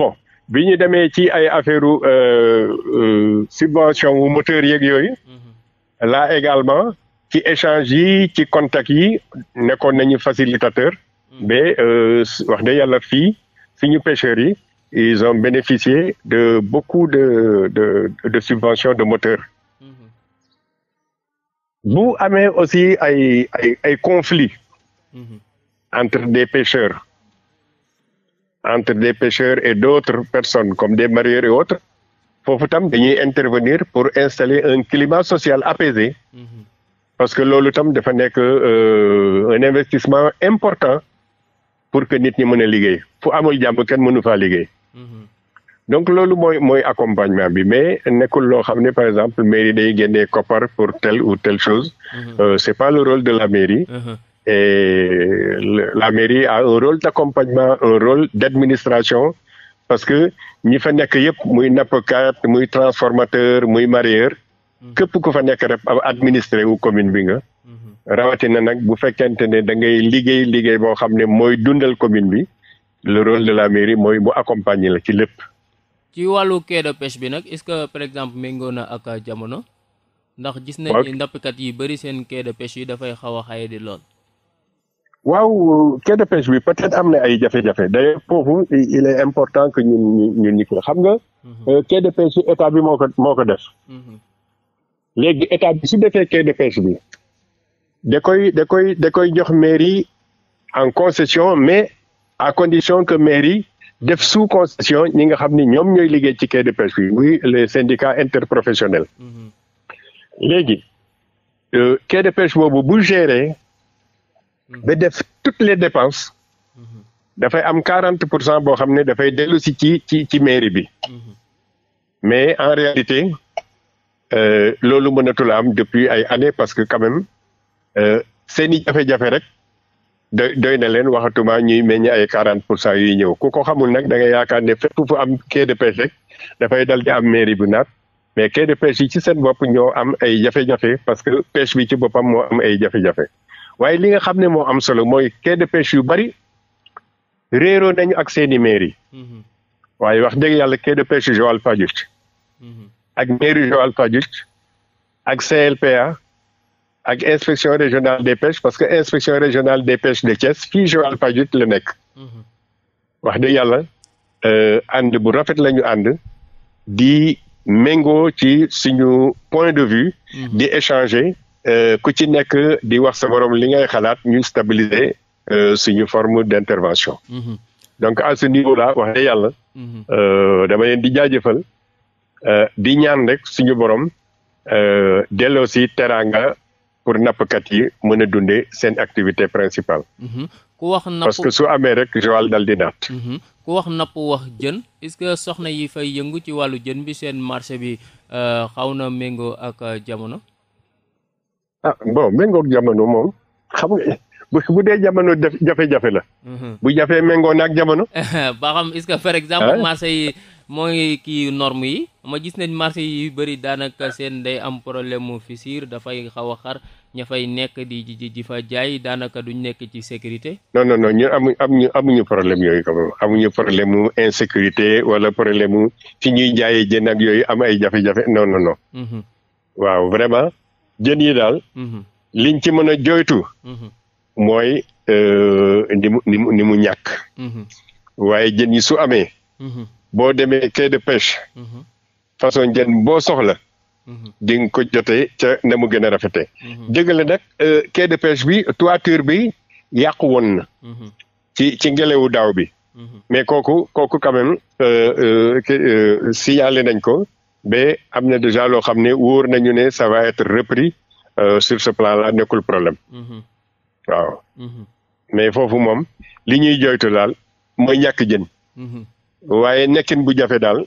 bon bi ñu demee ci ay affaire u euh, euh, subvention wu moteur yeeg yooyu mhm. là également ci échange yi ci contact yi nekkoon nañu facilitateur mhm. mais euh, wax dëgg yàlla fii suñu pêcheurs yi ils ont bénéficié de beaucoup de de de subventions de moteur mhm. bu amee aussi ay ay ay conflits entre des pêcheurs entre des pêcheurs et d'autres personnes comme des mareyeurs et autres foofu tam dañuy intervenir pour installer un climat social apaisé mmh. parce que loolu tam dafa nekk euh, un investissement important pour que nit ñi mën a liggéey fu amul jàmm kenn mënu faa liggéey mhm. donc loolu mooy mooy accompagnement bi mais nekkul loo xam ne par exemple mairie day génnee copar pour telle ou telle chose. Mm -hmm. euh, c'est pas le rôle de la mairie. Mhm. Euh, la mairie a un rôle d'accompagnement, un rôle d'administration, parce que ñi fa nekk yëpp muy nappkat muy transformateur muy mareyeur mm-hmm. képp ku fa nekk rek administré wu commune bi nga. Mm-hmm. rawatina nag bu fekkente ne da ngay liggéey liggéey boo xam ne mooy dundal commune bi le rôle de la mairie mooy mu accompagner la ci lépp. ci wàllu quai de bi nag est-ce que par exemple méngoo na ak jamono. ndax gis nañ ni nappkat yi bëri seen quai de yi dafay xaw a xaye di lool. waaw quai de pêche bi peut am na ay jafe-jafe d'ailleurs foofu il est important que ñun ñun ñu ko xam nga. Mhm. Euh, quai de bi moo ko moo ko def. Mhm. léegi état bi su defee quai de bi da koy da koy da koy jox mairie en concession mais à condition que mairie def sous concession ñi nga xam ni ñoom ñooy liggéey ci quai de pêche bi muy les syndicats interprofessionnels. Mhm. léegi euh, quai de pêche boobu bu gérer. ba def toutes les dépenses dafay am quarante pour cent boo xam ne dafay dellu si ci ci ci mairie bi mais en réalité euh, loolu mënatul am depuis ay années parce que quand même euh, seen i jafe-jafe rek doy doy na leen waxatuma ñuy meññ ay quarante pour cent yuy ñëw ku ko xamul nag da nga yaakaar ne fépp fu am quai de pêche rek dafay dal di am mairie bi naat mais quai de yi ci seen bopp ñoo am ay jafe-jafe parce que pêche bi ci boppam moo am ay jafe-jafe waaye li nga xam ne moo am solo mooy quai de yu bari réeroo nañu ak seeni mairie mm-hmm. waaye wax dëgg yàlla quai de pêche Joal Fadiouth mm-hmm. ak mairie Joal Fadiouth ak CLPA ak inspection régionale des pêches parce que inspection régionale des pêches de Thiès fii Joal Fadiouth la nekk mm-hmm. wax dëgg yàlla euh, ànd bu rafet la ñu ànd di méngoo ci suñu point de vue di échanger Euh, ku ci nekk di wax sa morom li ngay xalaat ñu stabiliser euh, suñu forme d' intervention. Mhm. donc à ce niveau là wax dëgg yàlla. Mhm. Euh, dama leen di jaajëfal di ñaan rek suñu borom delloo si teraanga pour nappkat yi mën a dundee seen activité principale. Mhm. ku wax napp parce que su amee rek Joal dal di naat. ku wax napp wax jën est-ce que soxna yi fay yëngu ci wàllu jën bi seen marché bi xaw na méngoo ak jamono. ah bon méngoog jamono moom xam nga bu dee jamono jafe-jafe la. Mhm. bu jafee méngoo ak jamono. ba xam est-ce que par exemple ah. marché yi ngi kii norme yi ma gis nañ marché yi bëri daanaka seen day am problème mu fissure dafay xaw a xar ña fay nekk di ji ji fa jaay daanaka duñ nekk ci sécurité. non non non ñu amu amuñu amuñu problème yooyu quand amuñu problème mu insécurité wala problème mu fi ñuy jaayee jën ak yooyu am ay jafe-jafe non non non. Mhm. waaw vraiment. jën yi daal. Mm-hmm. liñ ci mën a joytu. Mm-hmm. mooy euh, ni mu ni ñàkk. Mm-hmm. waaye jën yi su amee. boo demee quai de façon jën boo soxla. di nga ko jotee ca na mu gën a rafetee. dëgg la nag euh, quai de pêche bi toiture bi yàqu woon na. ci ci daaw bi. mais kooku kooku quand même euh, signalé nañ ko. ba am na déjà loo xam ne wóor nañu ne ça va être repris euh, sur ce plan là nekkul problème mm-hmm. waaw mm-hmm. mais foofu moom li ñuy joytu daal mooy ñàkk jën mm-hmm. waaye nekkin bu jafe daal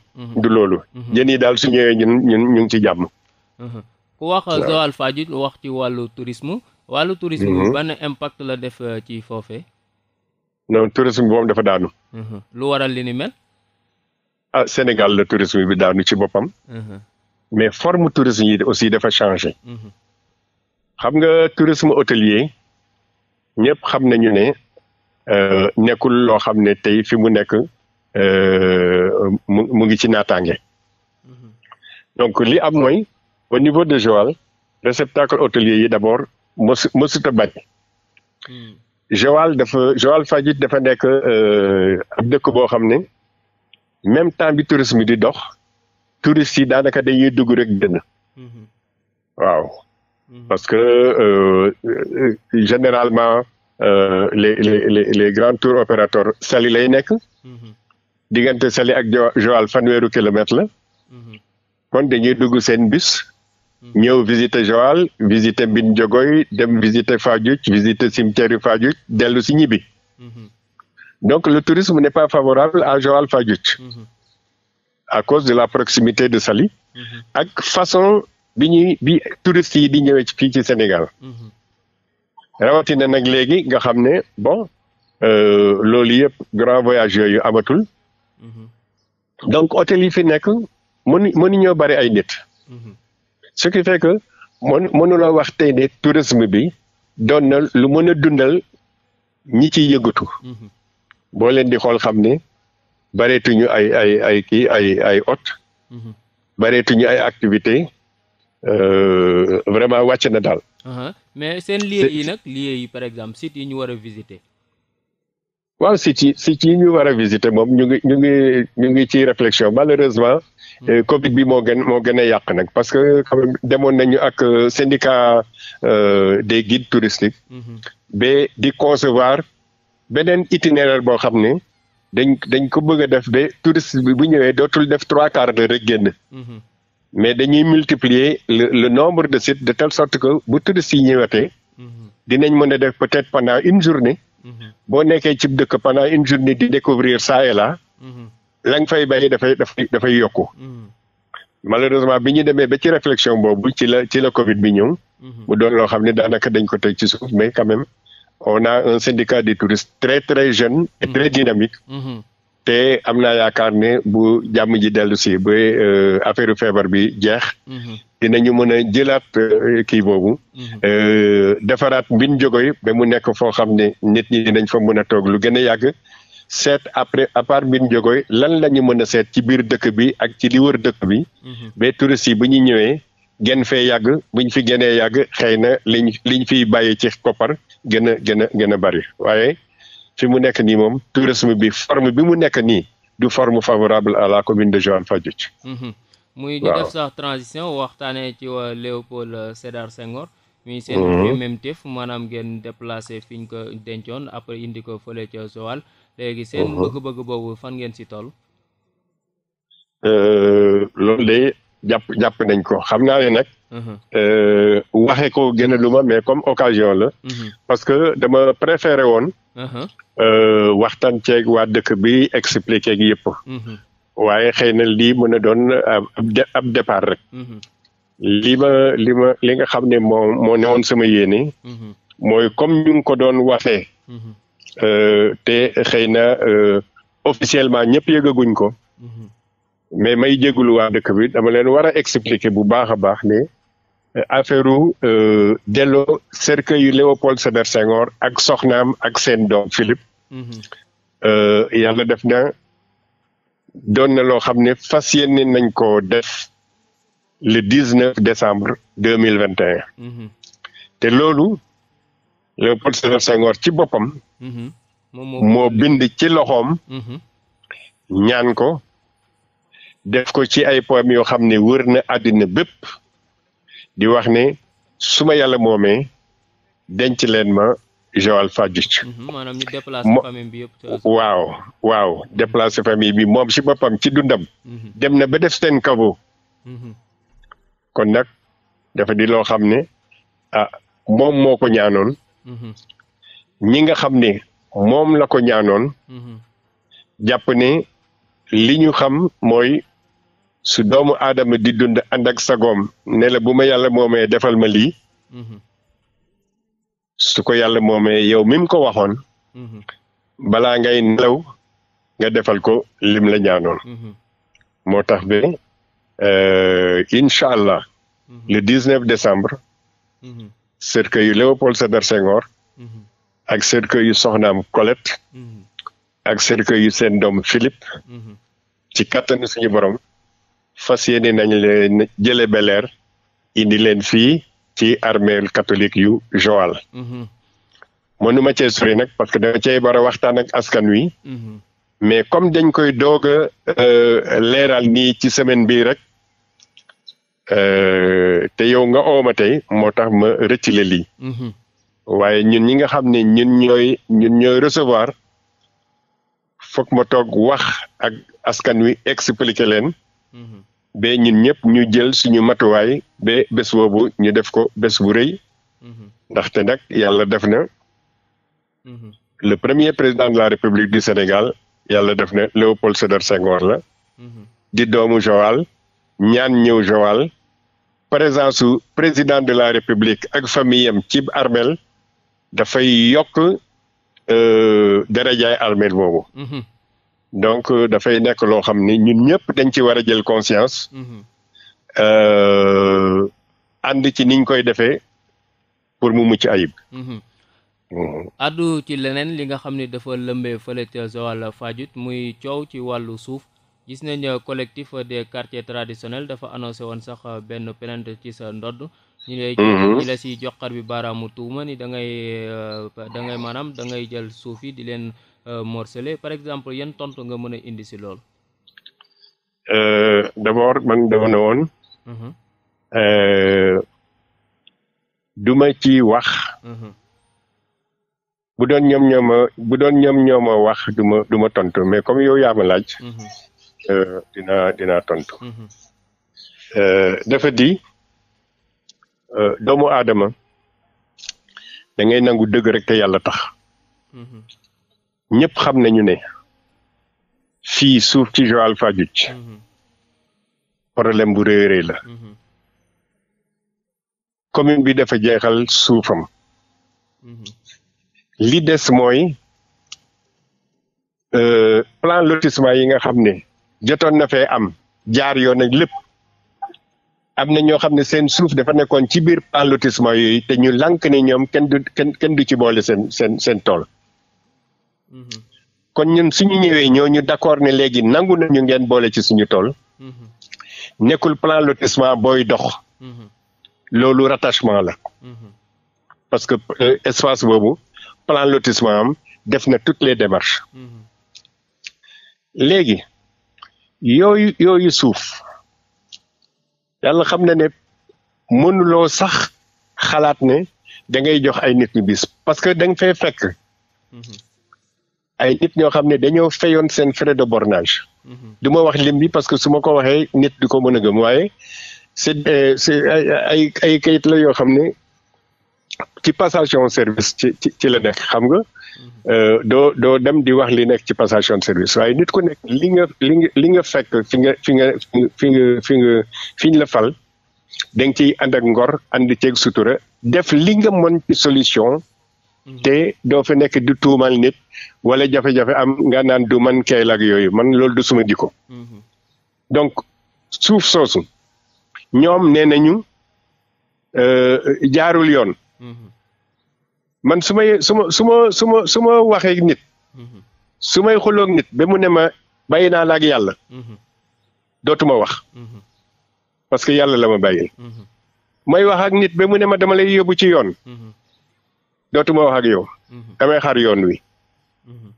du loolu jën yi daal su ñëwee ñun ñun ñu ngi ci jàmm ku wax Joal Fadiouth wax ci wàllu tourisme wàllu tourisme mm -hmm. impact la def euh, ci foofee non tourisme boobu dafa daanu lu waral li ni mel ah Sénégal la tourisme bi daanu ci boppam. Mhm. mais forme tourisme yi aussi dafa changé. Mhm. xam nga tourisme hôtelier ñëpp xam nañu ne euh, nekkul loo xam ne tey fi mu nekk euh, mu ngi ci naataange. Mhm. donc li am mooy au niveau de Joal réceptacle hôtelier yi d' abord mosu mosut a bari. dafa Joal Fadiouth nekk euh, ab dëkk boo xam ne. même temps bi tourisme di dox touristes yi daanaka dañuy dugg rek dënn mhm. waaw mhm. parce que euh, euh, généralement euh, les les les les grands tours lay nekk mhm. digante Saly ak Joal fanweeru kilomètres la kon dañuy dugg seen bus ñëw visiter Joal visiter Mbine Diogoy dem visiter Fadiouth visiter cimetière yu Fadiouth dellu si ñibbi. Donc le tourisme n'est pas favorable à Joal Fadiouth. Mm -hmm. à cause de la proximité de sali mm-hmm. ak façon bi ñuy bi touristes yi di ñëwee fii ci Sénégal. Mm-hmm. rawatina nag léegi nga xam ne bon euh, loolu yëpp grand voyage yooyu amatul. Mm-hmm. donc hôtel yi fi nekk mënu mënuñoo bari ay nit. ce qui fait que mënu mënuloo wax tey ne tourisme bi doon na lu mën a dundal ñi ciy yëngatu. boo leen di xool xam ne bareetuñu ay ay ay kii ay ay hôte mhm. bareetuñu ay activité euh, vraiment wàcc na daal mais seen lieux yi nag lieux yi par exemple sites yi ñu war a visiter waaw sites yi sites yi ñu war a visiter moom ñu ngi ñu ngi ñu ngi ci réflexion malheureusement mhm. euh, covid bi moo gën moo gën a yàq nag parce que quand même demoon nañu ak euh, syndicat des guides touristiques mhm. ba di concevoir beneen itinéraire boo xam ne dañ dañ ko bëgg a def ba touriste bi bu ñëwee dootul def trois quarts de rek génn. Mhm. mais dañuy multiplier le nombre de sites de telle sorte que bu touristes yi ñëwatee. Mhm. dinañ mën a def peut-être pendant une journée. Mhm. boo nekkee ci dëkk pendant une journée di découvrir ça et là. la nga fay bay dafay dafay dafay yokku. malheureusement bi ñu demee ba ci réflexion boobu ci la ci la Covid bi ñëw. mu doon loo xam ne daanaka dañ ko teg ci suuf mais quand on a un syndicat des touristes très très jeune et très mhm. dynamique mhm. te am naa yaakaar ne bu jàmm ji dellu si ba euh, affaire feebar bi jeex mhm. dinañu mën a jëlaat euh, kii boobu euh, defaraat mbin jógoy ba mu nekk foo xam ne nit ñi dinañ fa mën a toog lu gën a yàgg seet après à part mbin jógoy lan lañu ñu mën a seet ci biir dëkk bi ak ci li wër dëkk bi ba touristes yi bu ñu ñëwee gën fe yàgg buñ fi gënee yàgg xëy na liñ liñ fiy bàyyi ci koppar gën a gën bari waaye fi mu nekk nii moom tourisme bi forme bi nekk nii du forme favorable à la commune de Joal-Fadiouth. Mhm. muy ñu def sax transition waxtaanee ci waa Léopold Sédar Senghor. muy seen mhm. même maanaam ngeen déplacé fi ñu ko dencoon après indi ko fële ca Joal léegi seen mhm. bëgg-bëgg boobu fan ngeen si toll. Euh, loolu de jàpp jàpp nañ ko xam naa ne nag. Mhm. Euh, waxe ko gën a luma mais comme occasion la. Mhm. parce que dama préféré woon. Mhm. Euh, waxtaan ceeg waa dëkk bi expliqué gi yëpp. waaye xëy na lii mën doon ab départ rek. li ma li nga xam ne moo moo newoon sama yéene. mooy comme ñu ngi ko doon waxee. Euh, te xëy na officiellement ñëpp yëgaguñ ko. mais may jégalu waa dëkk bi dama leen war a expliquer bu baax a baax ne euh, affaire u euh, delloo cercueil yu Léopold Sédar Senghor ak soxnaam ak seen doom Philippe mhm. euh, yàlla def na doon na loo xam ne fas yéene nañ ko def le 19 décembre 2021 mhm. te loolu Léopold Sédar Senghor ci boppam mhm. moo bind ci loxoom ñaan ko def ko ci ay poème yoo xam ne wër na àddina bépp di wax ne suma yàlla moomee denc leen ma Joal Fadiouth. Mhm, maanaam ñu déplacé famille waaw waaw déplacé famille bi moom si boppam ci dundam. Mhm. dem na ba def seen caveau. Mhm. kon nag dafa di loo xam ne ah moom moo ko ñaanoon. ñi nga xam ne moom la ko ñaanoon. jàpp ne li ñu xam mooy su doomu aadama di dund ànd ak sagoom ne la bu ma yàlla moomee defal ma lii mhm. su ko yàlla moomee yow mi mu ko waxoon mhm. balaa ngay nelaw nga defal ko lim la ñaanoon mhm. moo tax ba euh, incha allah le 19 décembre cercueil yu Léopold Sédar Senghor ak cercueil yu soxnaam Colette ak cercueil yu seen doom Philippe ci kattanu suñu borom fas yéene nañ le jële beleer indi leen fii ci armeel catholique yu Joal mhm. mënuma cee sori nag parce que da cee war waxtaan ak askan wi mhm. mais comme dañ koy doog a euh, leeral nii ci semaine bii rek euh, te yow nga ooma tey moo tax ma rëcc la lii mhm. ñun ñi nga xam ne ñun ñooy ñun recevoir foog ma toog wax ak askan wi expliqué leen Mm-hmm. be ñun ñëpp ñu jël suñu matuwaay ba bés boobu ñu def ko bés bu rëy mm-hmm. ndaxte nag yàlla def na mm-hmm. le premier président de la république du Sénégal yàlla def na Léopold sodor Senghor la di doomu Joal ñaan ñëw Joal présence su président de la république ak famille am ci armel dafay yokk euh, darajaay armel boobu donc euh, dafay nekk loo xam ni ñun ñëpp dañ ci war a jël conscience. Mhm. Euh, ànd ci niñ koy defee pour mu mucc ayib. Mhm. Mhm. addu ci leneen li nga xam ne dafa lëmbee fële ca Joal Fadiouth muy coow ci wàllu suuf gis nañ euh, collectif des quartiers traditionnels dafa annoncé woon sax benn plainte ci sa ndodd ñu lay ñi la si joxar bi baaraamu tuuma ni dangay ngay da ngay maanaam da ngay jël suuf yi di leen Euh, morcelé par exemple yan tontu nga mën a indi si loolu. Euh, d'abord man dama ne woon. Mhm. Euh, duma ci wax. Mhm. bu doon ñoom ñoo bu doon ñoom ñoo ma wax du ma du ma tontu mais comme yow yaa ma laaj. Mhm. dinaa dinaa tontu. dafa di doomu aadama da ngay nangu dëgg rek te yàlla tax. ñëpp xam nañu ne fii suuf ci Joal Fadiouth mhm. problème bu rëy rëy la mhm. commune bi dafa jeexal suufam mhm. li des mooy euh, plan lotissement yi nga xam ne jotoon na fee am jaar yoon ak lépp am na ñoo xam ne seen suuf dafa nekkoon ci biir plan lotissement yooyu te ñu lànk ne ñoom kenn du kenn kenn ci boole seen seen seen tool Mhm. kon ñun suñu ñëwee ñu d'accord ne léegi nangu nañu ngeen boole ci suñu tool mhm. nekkul plan lotissement booy dox mhm. loolu rattachement la parce que euh, espace boobu plan lotissement am def na toutes les démarches léegi yooyu yooyu suuf yàlla xam na ne mënuloo sax xalaat ne dangay jox ay nit ñu bis parce que da nga fay fekk ay nit ñoo xam ne dañoo fayoon seen frais de bornage. Mhm. du ma wax lim bi parce que suma ko waxee nit du ko mën a gëm waaye c'est euh, ay ay kayit la yoo xam ne ci passation service ci ci ci la nekk xam nga. Mhm. Euh, doo doo dem di wax li nekk ci passation de service waaye nit ku nekk li nga li nga li nga fekk fi nga fi nga fi nga fi nga fi la fal da ci ciy ànd ak ngor ànd ceeg sutura def li nga mën ci solution. te doo fi nekk di tuumal nit wala jafe-jafe am nga naan du man kay lag yooyu man loolu du suma jikko mm-hmm. donc suuf soosu ñoom nee nañu euh, jaarul yoon mm-hmm. man su may suma ma su ma su ma waxee nit mm-hmm. su may xuloog nit ba mu ne ma bàyyi naa la ak yàlla dootuma wax parce que yàlla la ma bàyyil may wax nit ba mu ne ma dama lay yóbbu ci yoon dootuma wax ak mhm. yoon wi. Mhm.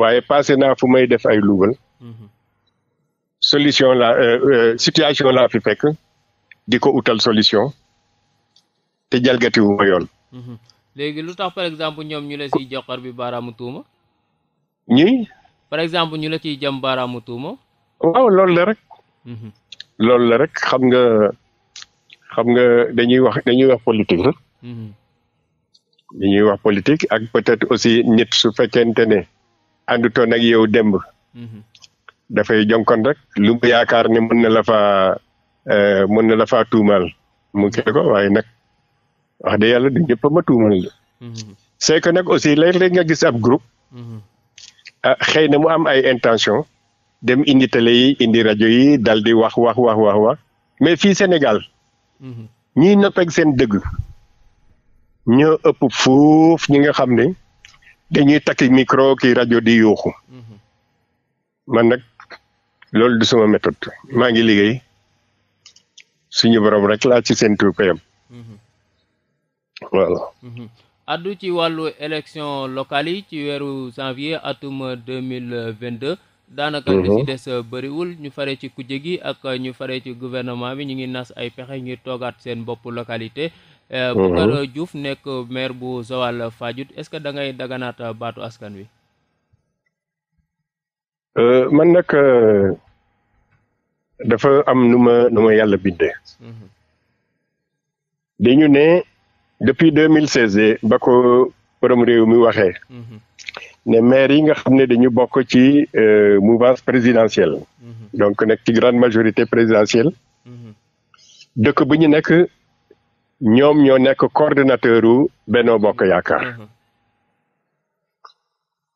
waaye passé naa fu may def ay luubal. Mhm. solution la euh, euh, situation laa fi fekk di ko utal solution te jalgati wu ma yoon. léegi lu tax par exemple ñoom ñu la ciy joxar bi baaraamu tuuma. ñii. par exemple ñu la ciy jam baaraamu tuuma. waaw loolu la rek. loolu la rek xam nga xam nga dañuy wax dañuy wax li ñuy wax politique ak peut aussi nit su fekkente ne àndutoon ak yow démb. Mhm. dafay jonkon rek lu mu yaakaar ne mën na la fa euh, mën na la faa tuumaal mu kii ko waaye nag wax de yàlla du ñëpp ma tuumaal. Mhm. c'est que nag aussi léeg-léeg nga gis ab groupe. Mhm. ah xëy na mu am ay intention dem indi tele yi indi rajo yi dal di wax wax wax wax mais fii Sénégal. ñiy noppeeg seen dëgg. ñoo ëpp fuuf ñi nga xam ne dañuy takki micro ki rajo di yuuxu man nag loolu di sama méthode maa ngi liggéey suñu borom rek laa ci seen tur payam addu ci wàllu élection locale yi ci weeru janvier atum deux mille vingt deux daanaka li ci mhm. euh, bariwul ñu fare ci kujje gi ak ñu fare ci gouvernement bi ñu ngi nas ay pexe ngir toogaat seen bopp localité Euh, mhm. Boucar Diouf nekk maire bu Joal Fadiouth est-ce que da ngay daganaat euh, baatu askan wi euh, man nag dafa am nu ma nu yàlla bindee mhm. dañu ne depuis deux mille seize ba ko borom réew mi waxee mhm. ne maire yi nga xam ne dañu bokk ci mouvance présidentielle donc nekk ci grande majorité présidentielle dëkk bu nekk ñoom ñoo nekk coordinateur u Benno Bokk Yaakaar mhm.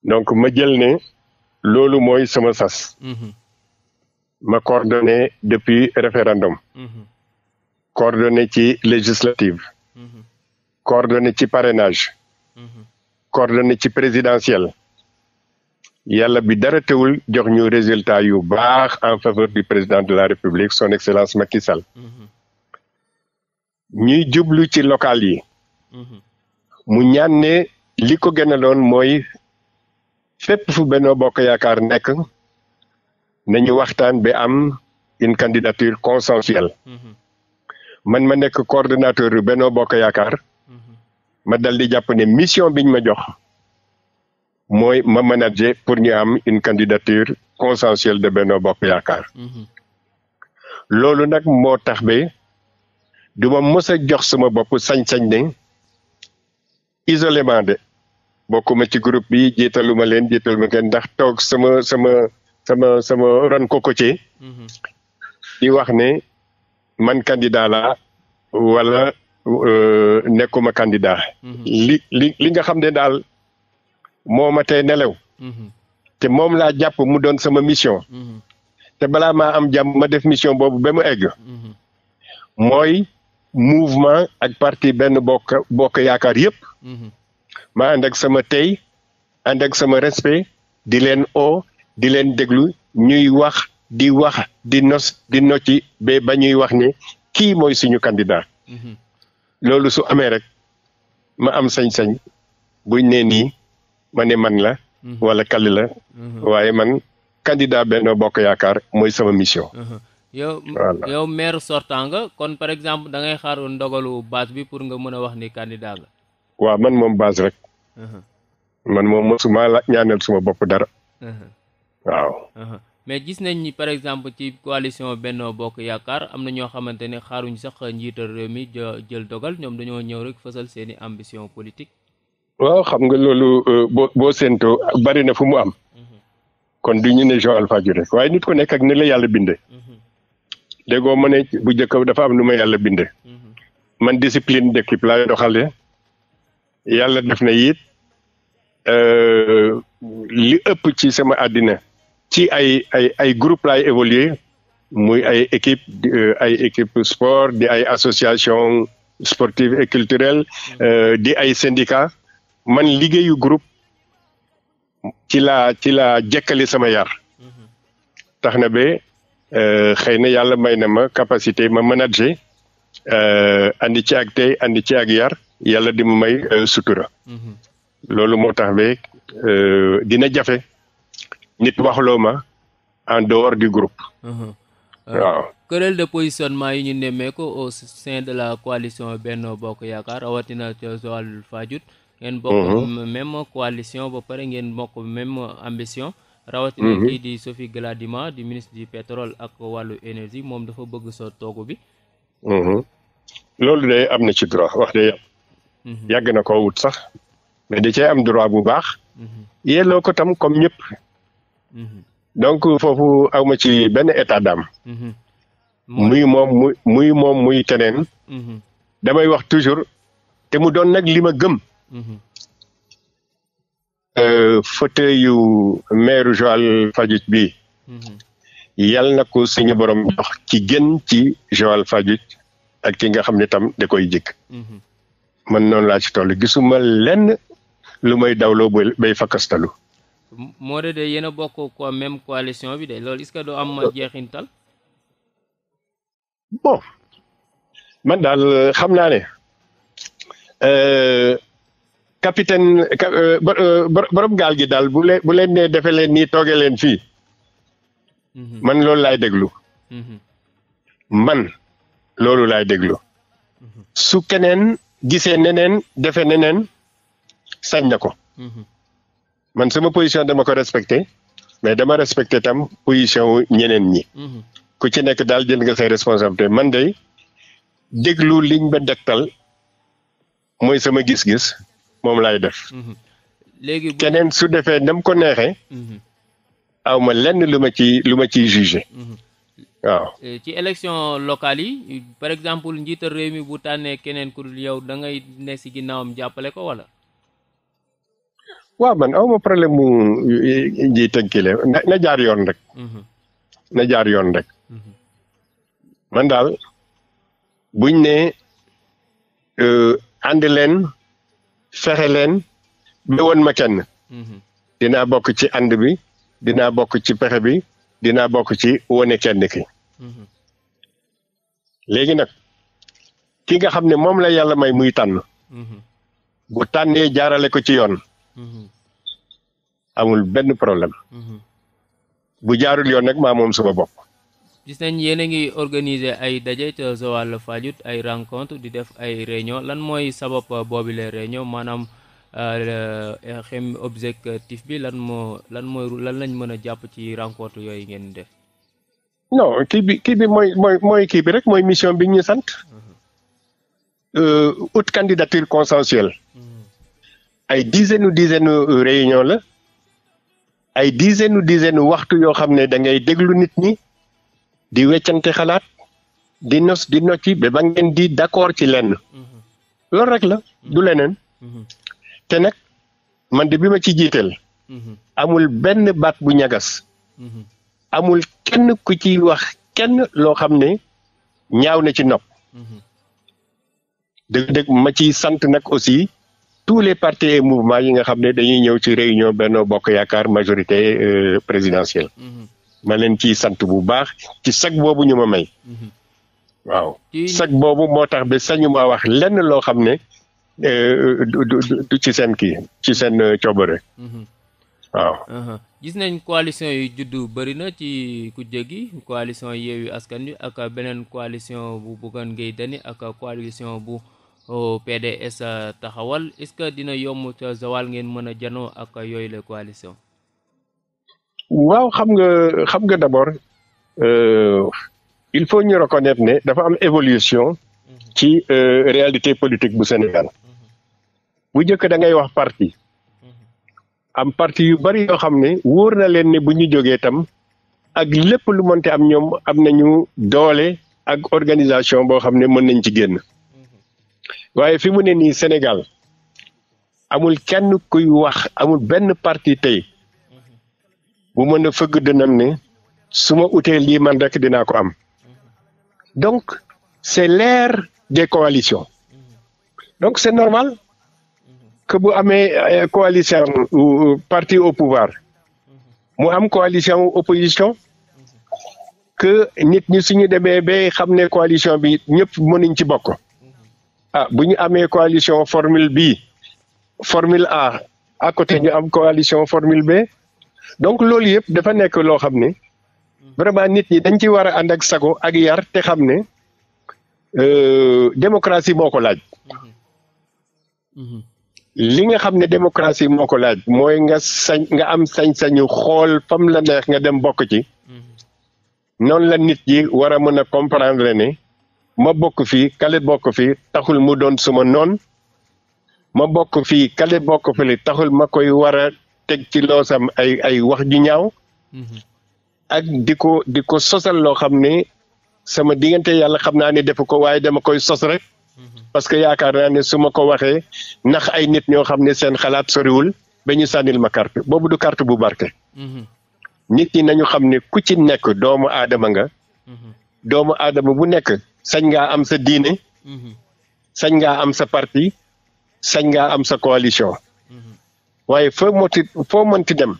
donc ma jël ne loolu mooy sama sas mhm. ma coordonné depuis référendum mhm. coordonné ci législative coordonné ci parrainage coordonné ci présidentiel yàlla bi dara teewul jox ñu résultat yu baax en faveur du président de la république son excellence Macky Sall ñuy jublu ci local yi mhm. mu ñaan ne li ko gënaloon mooy fépp fu Benno Bokk Yaakaar nekk nañu waxtaan bi am une candidature consensuelle mhm. man ma nekk coordonnateur yu Benno Bokk Yaakaar mhm. ma dal di jàpp ne mission biñ ma jox mooy ma manager pour ñu am une candidature consensuelle de Benno Bokk Yaakaar loolu nag moo tax ba du ma mës jox sama bopp sañ-sañ ne isolément de bokkuma ci groupe bi jiitaluma leen jiitaluma kenn ndax toog sama sama sama sama ron koko ci mhm. di wax ne man candidat la wala euh, nekkuma candidat mhm. li li nga xam ne daal moo ma tey nelew mhm. te moom laa jàpp mu doon sama mission te balaa maa am jàmm ma def mission boobu ba mu egg mooy mouvement ak parti benn bokk bokk yaakaar yëpp. Mhm. ma ànd sama tey ànd sama respect di leen o di leen déglu ñuy wax di wax di nos di nocci ba ba ñuy wax ne kii mooy suñu candidat. Mhm. loolu su amee rek ma am sañ-sañ buñ nee nii ma ne man la. Mhm. wala kali la. waaye man candidat benn bokk yaakaar mooy sama mission. yow yow maire sortant nga kon par exemple da ngay xaar ndogalu base bi pour nga mën a wax ni candidat nga waaw man moom base rek uh-huh. man moom mosuma la ñaanal suma bopp dara uh-huh. waaw uh-huh. mais gis nañ ni par exemple ci coalition Benno Bokk Yaakaar am na ñoo xamante ne xaaruñ sax njiital réew mi jël dogal ñoom dañoo ñëw rek fësal seeni ambition politique waaw xam nga loolu euh, boo boo séentoo bari na fu mu am kon du ñu ne Joal Fadiouth rek waaye nit ku nekk ak ni la yàlla bindee déggoo ma ne bu njëkk dafa am nu ma yàlla bindee mhm. man discipline d'équipe laay doxale yàlla def na it euh, li ëpp ci sama àddina ci ay ay ay groupe laay évoluer muy ay équipe euh, ay équipe sport di ay association sportive et culturelle euh, di ay syndicat man liggéeyu groupe ci la ci laa jekkali sama yar mhm. tax na ba Euh, xëy na yàlla may na ma capacité ma manager euh, andi ci ak tey andi ci ak yar yàlla di ma may euh, sutura. Mhm. loolu moo tax be dina jafe nit waxloo ma en dehors du groupe. Mhm. waaw. querelle de positionnement yi ñu nemmeeku au sein de la coalition Benno Bokk Yaakaar rawatina Joal Fadiouth. ngeen bokk mhm. même coalition ba pare ngeen bokk même ambition. rawatina mhm. kii di Sophie Gladima di ministre di pétrole ak wàllu énergie moom dafa bëgg sa toogu bi mhm. loolu day am na ci droit wax day mhm. yàgg na koo wut sax mais da cee am droit bu baax yelloo ko tam comme ñëpp donc foofu awma ci benn état d'âme muy moom muy muy moom muy keneen damay wax toujours te mu doon nag li ma gëm Euh, fauteuil yu maire Joal Fadiouth bi mhm. yal na ko suñu borom jox ki ci Joal Fadiouth ak ki nga xam ne tam da koy jëkk mhm. man noonu laa ci gisuma lenn lu may dawloo bay fakkastalu moo de de yéen a bokk ko même coalition bi de loolu est-ce que doo am euh. jeexintal bon man daal xam naa ne euh, capitaine euh, euh, borom gaal gi daal bu leen bu leen nee defe leen nii tooge leen fii mhm. man loolu laay déglu mhm. man loolu laay déglu mhm. su keneen gisee neneen defe neneen sañ na ko man sama position dama ko respecté mais dama respecté tam position wu ñeneen ñi ku ci nekk daal jël nga say responsabilité man day déglu liñ ba dektal mooy sama gis-gis moom laay def. Mhm. léegi keneen su defee dem ko neexee. Mhm. aw ma lenn lu ma ci lu ma ciy jugé. Mhm. waaw eh, ci élection locale yi par exemple njiital réew mi bu tànnee keneen ku yow dangay ngay ne si ginnaawam jàppale ko wala. waaw man aw ma problème mu eh, njiit ak kile na jaar yoon rek. na jaar yoon rek. man daal buñ ne eh, fexe leen ba woon ma kenn mhm. dinaa bokk ci ànd bi dinaa bokk ci pexe bi dinaa bokk ci wone kenn ki mhm. léegi nag ki nga xam ne moom la yàlla may muy tànn mhm. bu tànnee jaarale ko ci yoon amul benn problème bu jaarul yoon nag maa moom sama bopp gis nañ yéen a ngi organiser ay daje ca Joal Fadiouth ay rencontre di def ay réunion lan mooy sabab euh, boobile réunion maanaam xem euh, objectif bi lan moo lan mooy lan lañ mën a jàpp ci rencontre yooyu ngeen def non kii bi kii bi mooy mooy mooy kii bi rek mooy mission bi ñu sant mm-hmm. euh, haute candidature consensuelle mm-hmm. ay dizaine dizaine réunion la ay dizaine dizaine waxtu yoo xam ne da ngay déglu nit ñi di weccante xalaat di nos di nocci ba ba ngeen di d'accord ci lenn mhm. loolu rek la mhm. du leneen mhm. te nag man de bi ma ci jiital amul benn baat bu ñagas amul kenn ku ci wax kenn loo xam ne ñaaw na ci nopp dëgg-dëgg ma ci sant nag aussi tous les partis et mouvements yi nga xam ne dañuy ñëw ci réunion Benno Bokk Yaakaar majorité euh, présidentielle ma leen ci sant bu baax ci sag boobu ñu ma may mhm. waaw sag boobu moo tax ba sañu ma wax lenn loo xam ne euh, du ci seen kii ci seen euh, coobare mhm. waaw gis nañ coalition yu juddu bëri na ci kujje gi coalition Yewwi Askan Wi ak beneen coalition bu Bougane Gueye Dany ak coalition bu PDS taxawal est-ce que dina yomb ca Joal ngeen mën a janoo ak yooyu la coalition waaw xam nga xam nga d'abord euh, il faut ñu reconnaître ne dafa am évolution ci euh, réalité politique bu Sénégal bu njëkk da ngay wax parti am partie yu bari yoo xam ne wóor na leen ne bu ñu jógee tam ak lépp lu mënte am ñoom am nañu doole ak organisation boo xam ne mën nañ ci génn waaye fi mu ne nii Sénégal amul kenn kuy wax amul benn partie tey bu mën a fëgg dënam ne suma ma utee man rek dinaa ko am donc c'est l'ère des coalitions donc c'est normal que bu amee euh, coalition ou parti au pouvoir mu am coalition opposition que nit ñi suñu demee ba xam ne coalition bi ñëpp mënuñ ci bokk ah bu ñu amee coalition formule B formule A à côté ñu am coalition formule B donc loolu yëpp dafa nekk loo xam ne vraiment nit ñi dañ ci war a ànd ak sago ak yar te xam ne euh, démocratie moo ko laaj. li nga xam ne démocratie moo ko laaj mooy nga sañ nga am sañ-sañu xool fam la neex nga dem bokk ci. noonu la nit yi war a mën a comprendre ne ma bokk fii kale bokk fii taxul mu doon suma noon ma bokk fii kale bokk fii taxul ma koy war teg ci loosam ay ay wax ju ñaaw. Mhm. ak di ko di ko sosal loo xam ne sama diggante yàlla xam naa ne defu ko waaye dama koy sos rek. Mhm. parce que yaakaar naa ne su ma ko waxee ndax ay nit ñoo xam ne seen xalaat soriwul ba ñu sànnil ma carte boobu du carte bu barke. Mhm. nit ñi nañu xam ne ku ci nekk doomu aadama nga. doomu aadama bu nekk sañ ngaa am sa diine. sañ ngaa am sa parti sañ ngaa am sa coalition. waaye fo moti foo mënti dem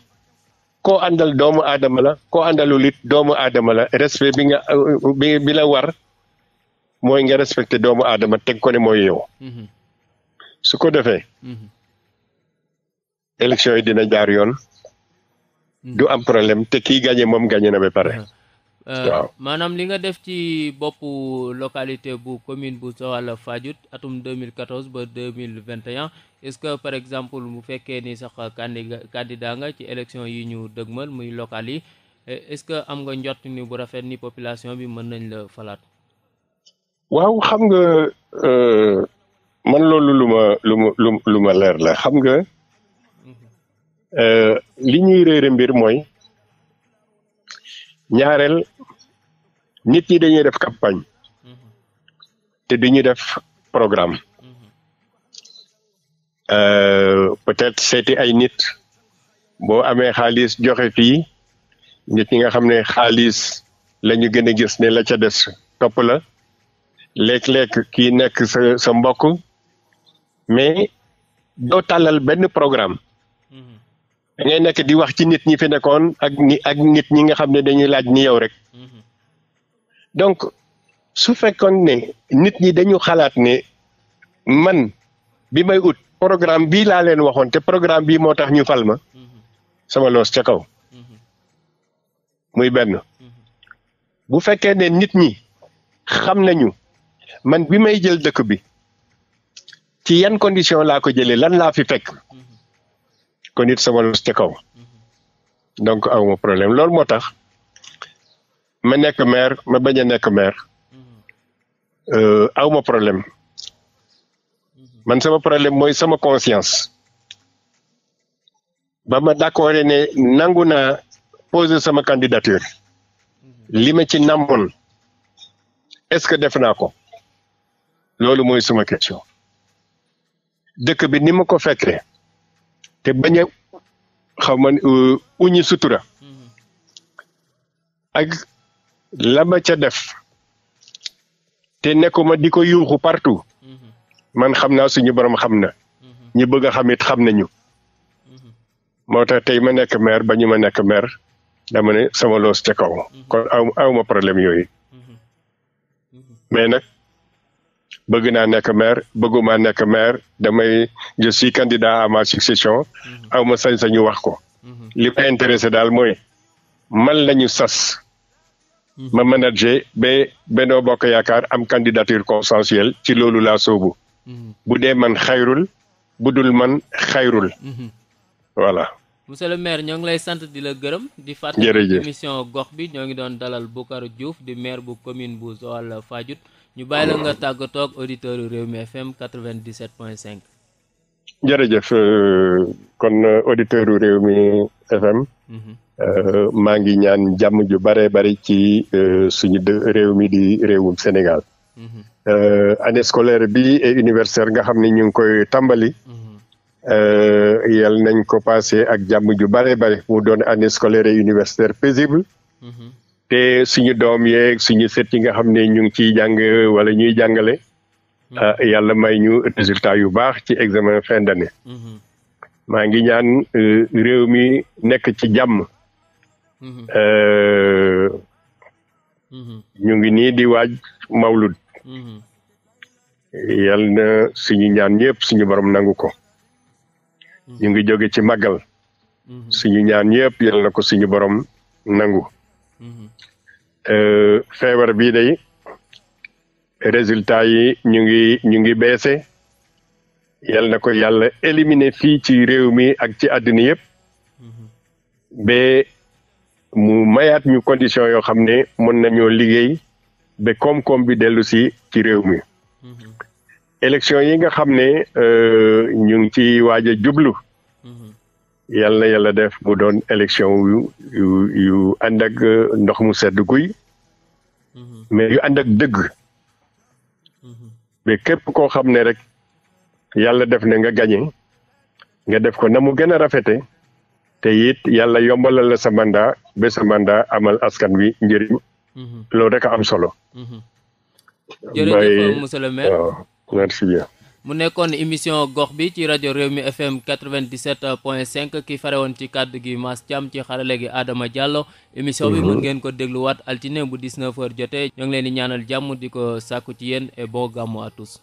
koo àndal doomu aadama la koo àndalul it doomu aadama la respect bi nga bi la war mooy nga respecté doomu aadama teg ko ne mooy yow mhm. su ko defee mhm. élection yi dina jaar yoon mhm. du am problème te kii gagné moom gagné na ba pare Euh, waaw maanaam li nga def ci boppu localité bu commune bu Joal Fadiouth atum 2014 ba 2021 est-ce que par exemple mu fekkee ni sax candidat nga ci élection yi ñu dëgmal muy local yi eh, est-ce que am nga njott ni bu rafet ni population bi mën nañ la falaat. waaw xam nga euh, man loolu lu ma lu ma lu ma leer la xam nga mhm. euh, li ñuy réer mbir mooy ñaareel. nit ñi dañuy def campagne mm-hmm. te duñu def programme mm-hmm. euh, peut seeti ay nit boo amee xaalis joxe fii nit ñi nga xam ne xaalis la ñu gën a gis ne la ca des topp la léeg-léeg kii nekk sa mbokk mais doo tàllal benn programme mm-hmm. da ngay nekk di wax ci nit ñi fi nekkoon ak ak nit ñi nga xam ne dañuy laaj ni yow rek. donc su fekkoon ne nit ñi dañu xalaat ne man bi may ut programme bii laa leen waxoon te programme bii moo tax ñu fal ma mhm. sama loos ca kaw mhm. muy benn mhm. bu fekkee ne nit ñi xam nañu man bi may jël dëkk bi ci yan condition laa ko jëlee lan laa fi fekk kon it sama loos ca kaw donc awma problème loolu moo tax ma nekk maire ma bañ a nekk maire euh, aw ma problème man sama problème mooy sama conscience ba ma d'accord ne nangu naa poser sama candidature li ma ci namoon est-ce que def naa ko loolu mooy suma question dëkk bi ni ma ko fekkee te bañ a xaw ma euh, uñi sutura la ma ca def te nekkuma di ko yuuxu partout mm-hmm. man xam naa suñu borom xam na mm-hmm. ñi bëgg a xam xam nañu mm-hmm. moo tax tey ma nekk maire ba ñu ma nekk maire dama ne sama loos ca kaw kon awma problème yooyu mais nag bëgg naa nekk maire bëgguma nekk maire damay je suis candidat ma succession awma sañ-sañu wax ko li intéressé daal mooy man lañu sas Mhm. ma manager be Benno Bokk Yaakaar am candidature consensuelle ci loolu laa soobu. Mhm. bu dee man xayrul bu dul man xayrul. Mhm. voilà. monsieur le maire ñoo ngi lay sant di la gërëm di fàttali émission gox bi ñoo ngi doon dalal Boucar Diouf di maire bu commune bu Joal Fadiouth ñu bàyyi la nga tàggatoo ak auditeurs yu Rewmi FM 97.5. jërëjëf euh, kon euh, auditeurs yu Rewmi FM. Euh, maa ngi ñaan jàmm ju bare bari ci euh, suñu de réew mi di réewum Sénégal. Mhm. Euh, année scolaire bi et universitaire nga xam ne ñu ngi koy tàmbali. Mhm. yal nañ ko passé ak jàmm ju bare bari mu donne année scolaire et universitaire paisible. Mhm. te suñu doom yeeg suñu set yi nga xam ne ñu ngi ciy jàng wala ñuy jàngale. Ah, yàlla may ñu résultat yu baax ci examen fin d'année. maa ngi ñaan réew mi nekk ci jàmm. Mm-hmm. Euh, mm-hmm. ñu ngi nii di waaj mawlud mm-hmm. yal suñu ñaan yëpp suñu borom nangu ko ñu ngi jóge ci màggal suñu ñaan yëpp yal na ko suñu borom nangu euh, feebar bii day résultat yi ñu ngi ñu ngi beese yal na ko yàlla éliminer fii ci réew mi ak ci àddina yëpp ba mu mayaat ñu condition yoo xam ne mën nañoo liggéey ba koom-koom bi dellu si ci réew mi mm-hmm. élection yi nga xam ne euh, ñu ngi ci waaja jublu mm-hmm. yàlla yàlla def mu doon élection yu yu yu euh, ndox mu sedd guy mm-hmm. mais yu ànd ak dëgg mais képp koo xam ne rek yàlla def na nga gañe nga def ko na mu gën a rafete te it yàlla yombalal la sa mandat ba sa mandat amal askan wi njëriñ. Mhm. loolu rek a am solo. Mhm. jërëjëf monsieur le maire waaw merci bien. mu nekkoon émission gox bi ci rajo Rewmi FM 97.5 ki fare woon ci kàddu gi Mass Thiam ci xarale gi Adama Diallo émission bi mhm. mën ngeen ko dégluwaat altine bu 19h jotee ñoo ngi leen ñaanal jàmm di ko sàkku ci yéen et gàmmu à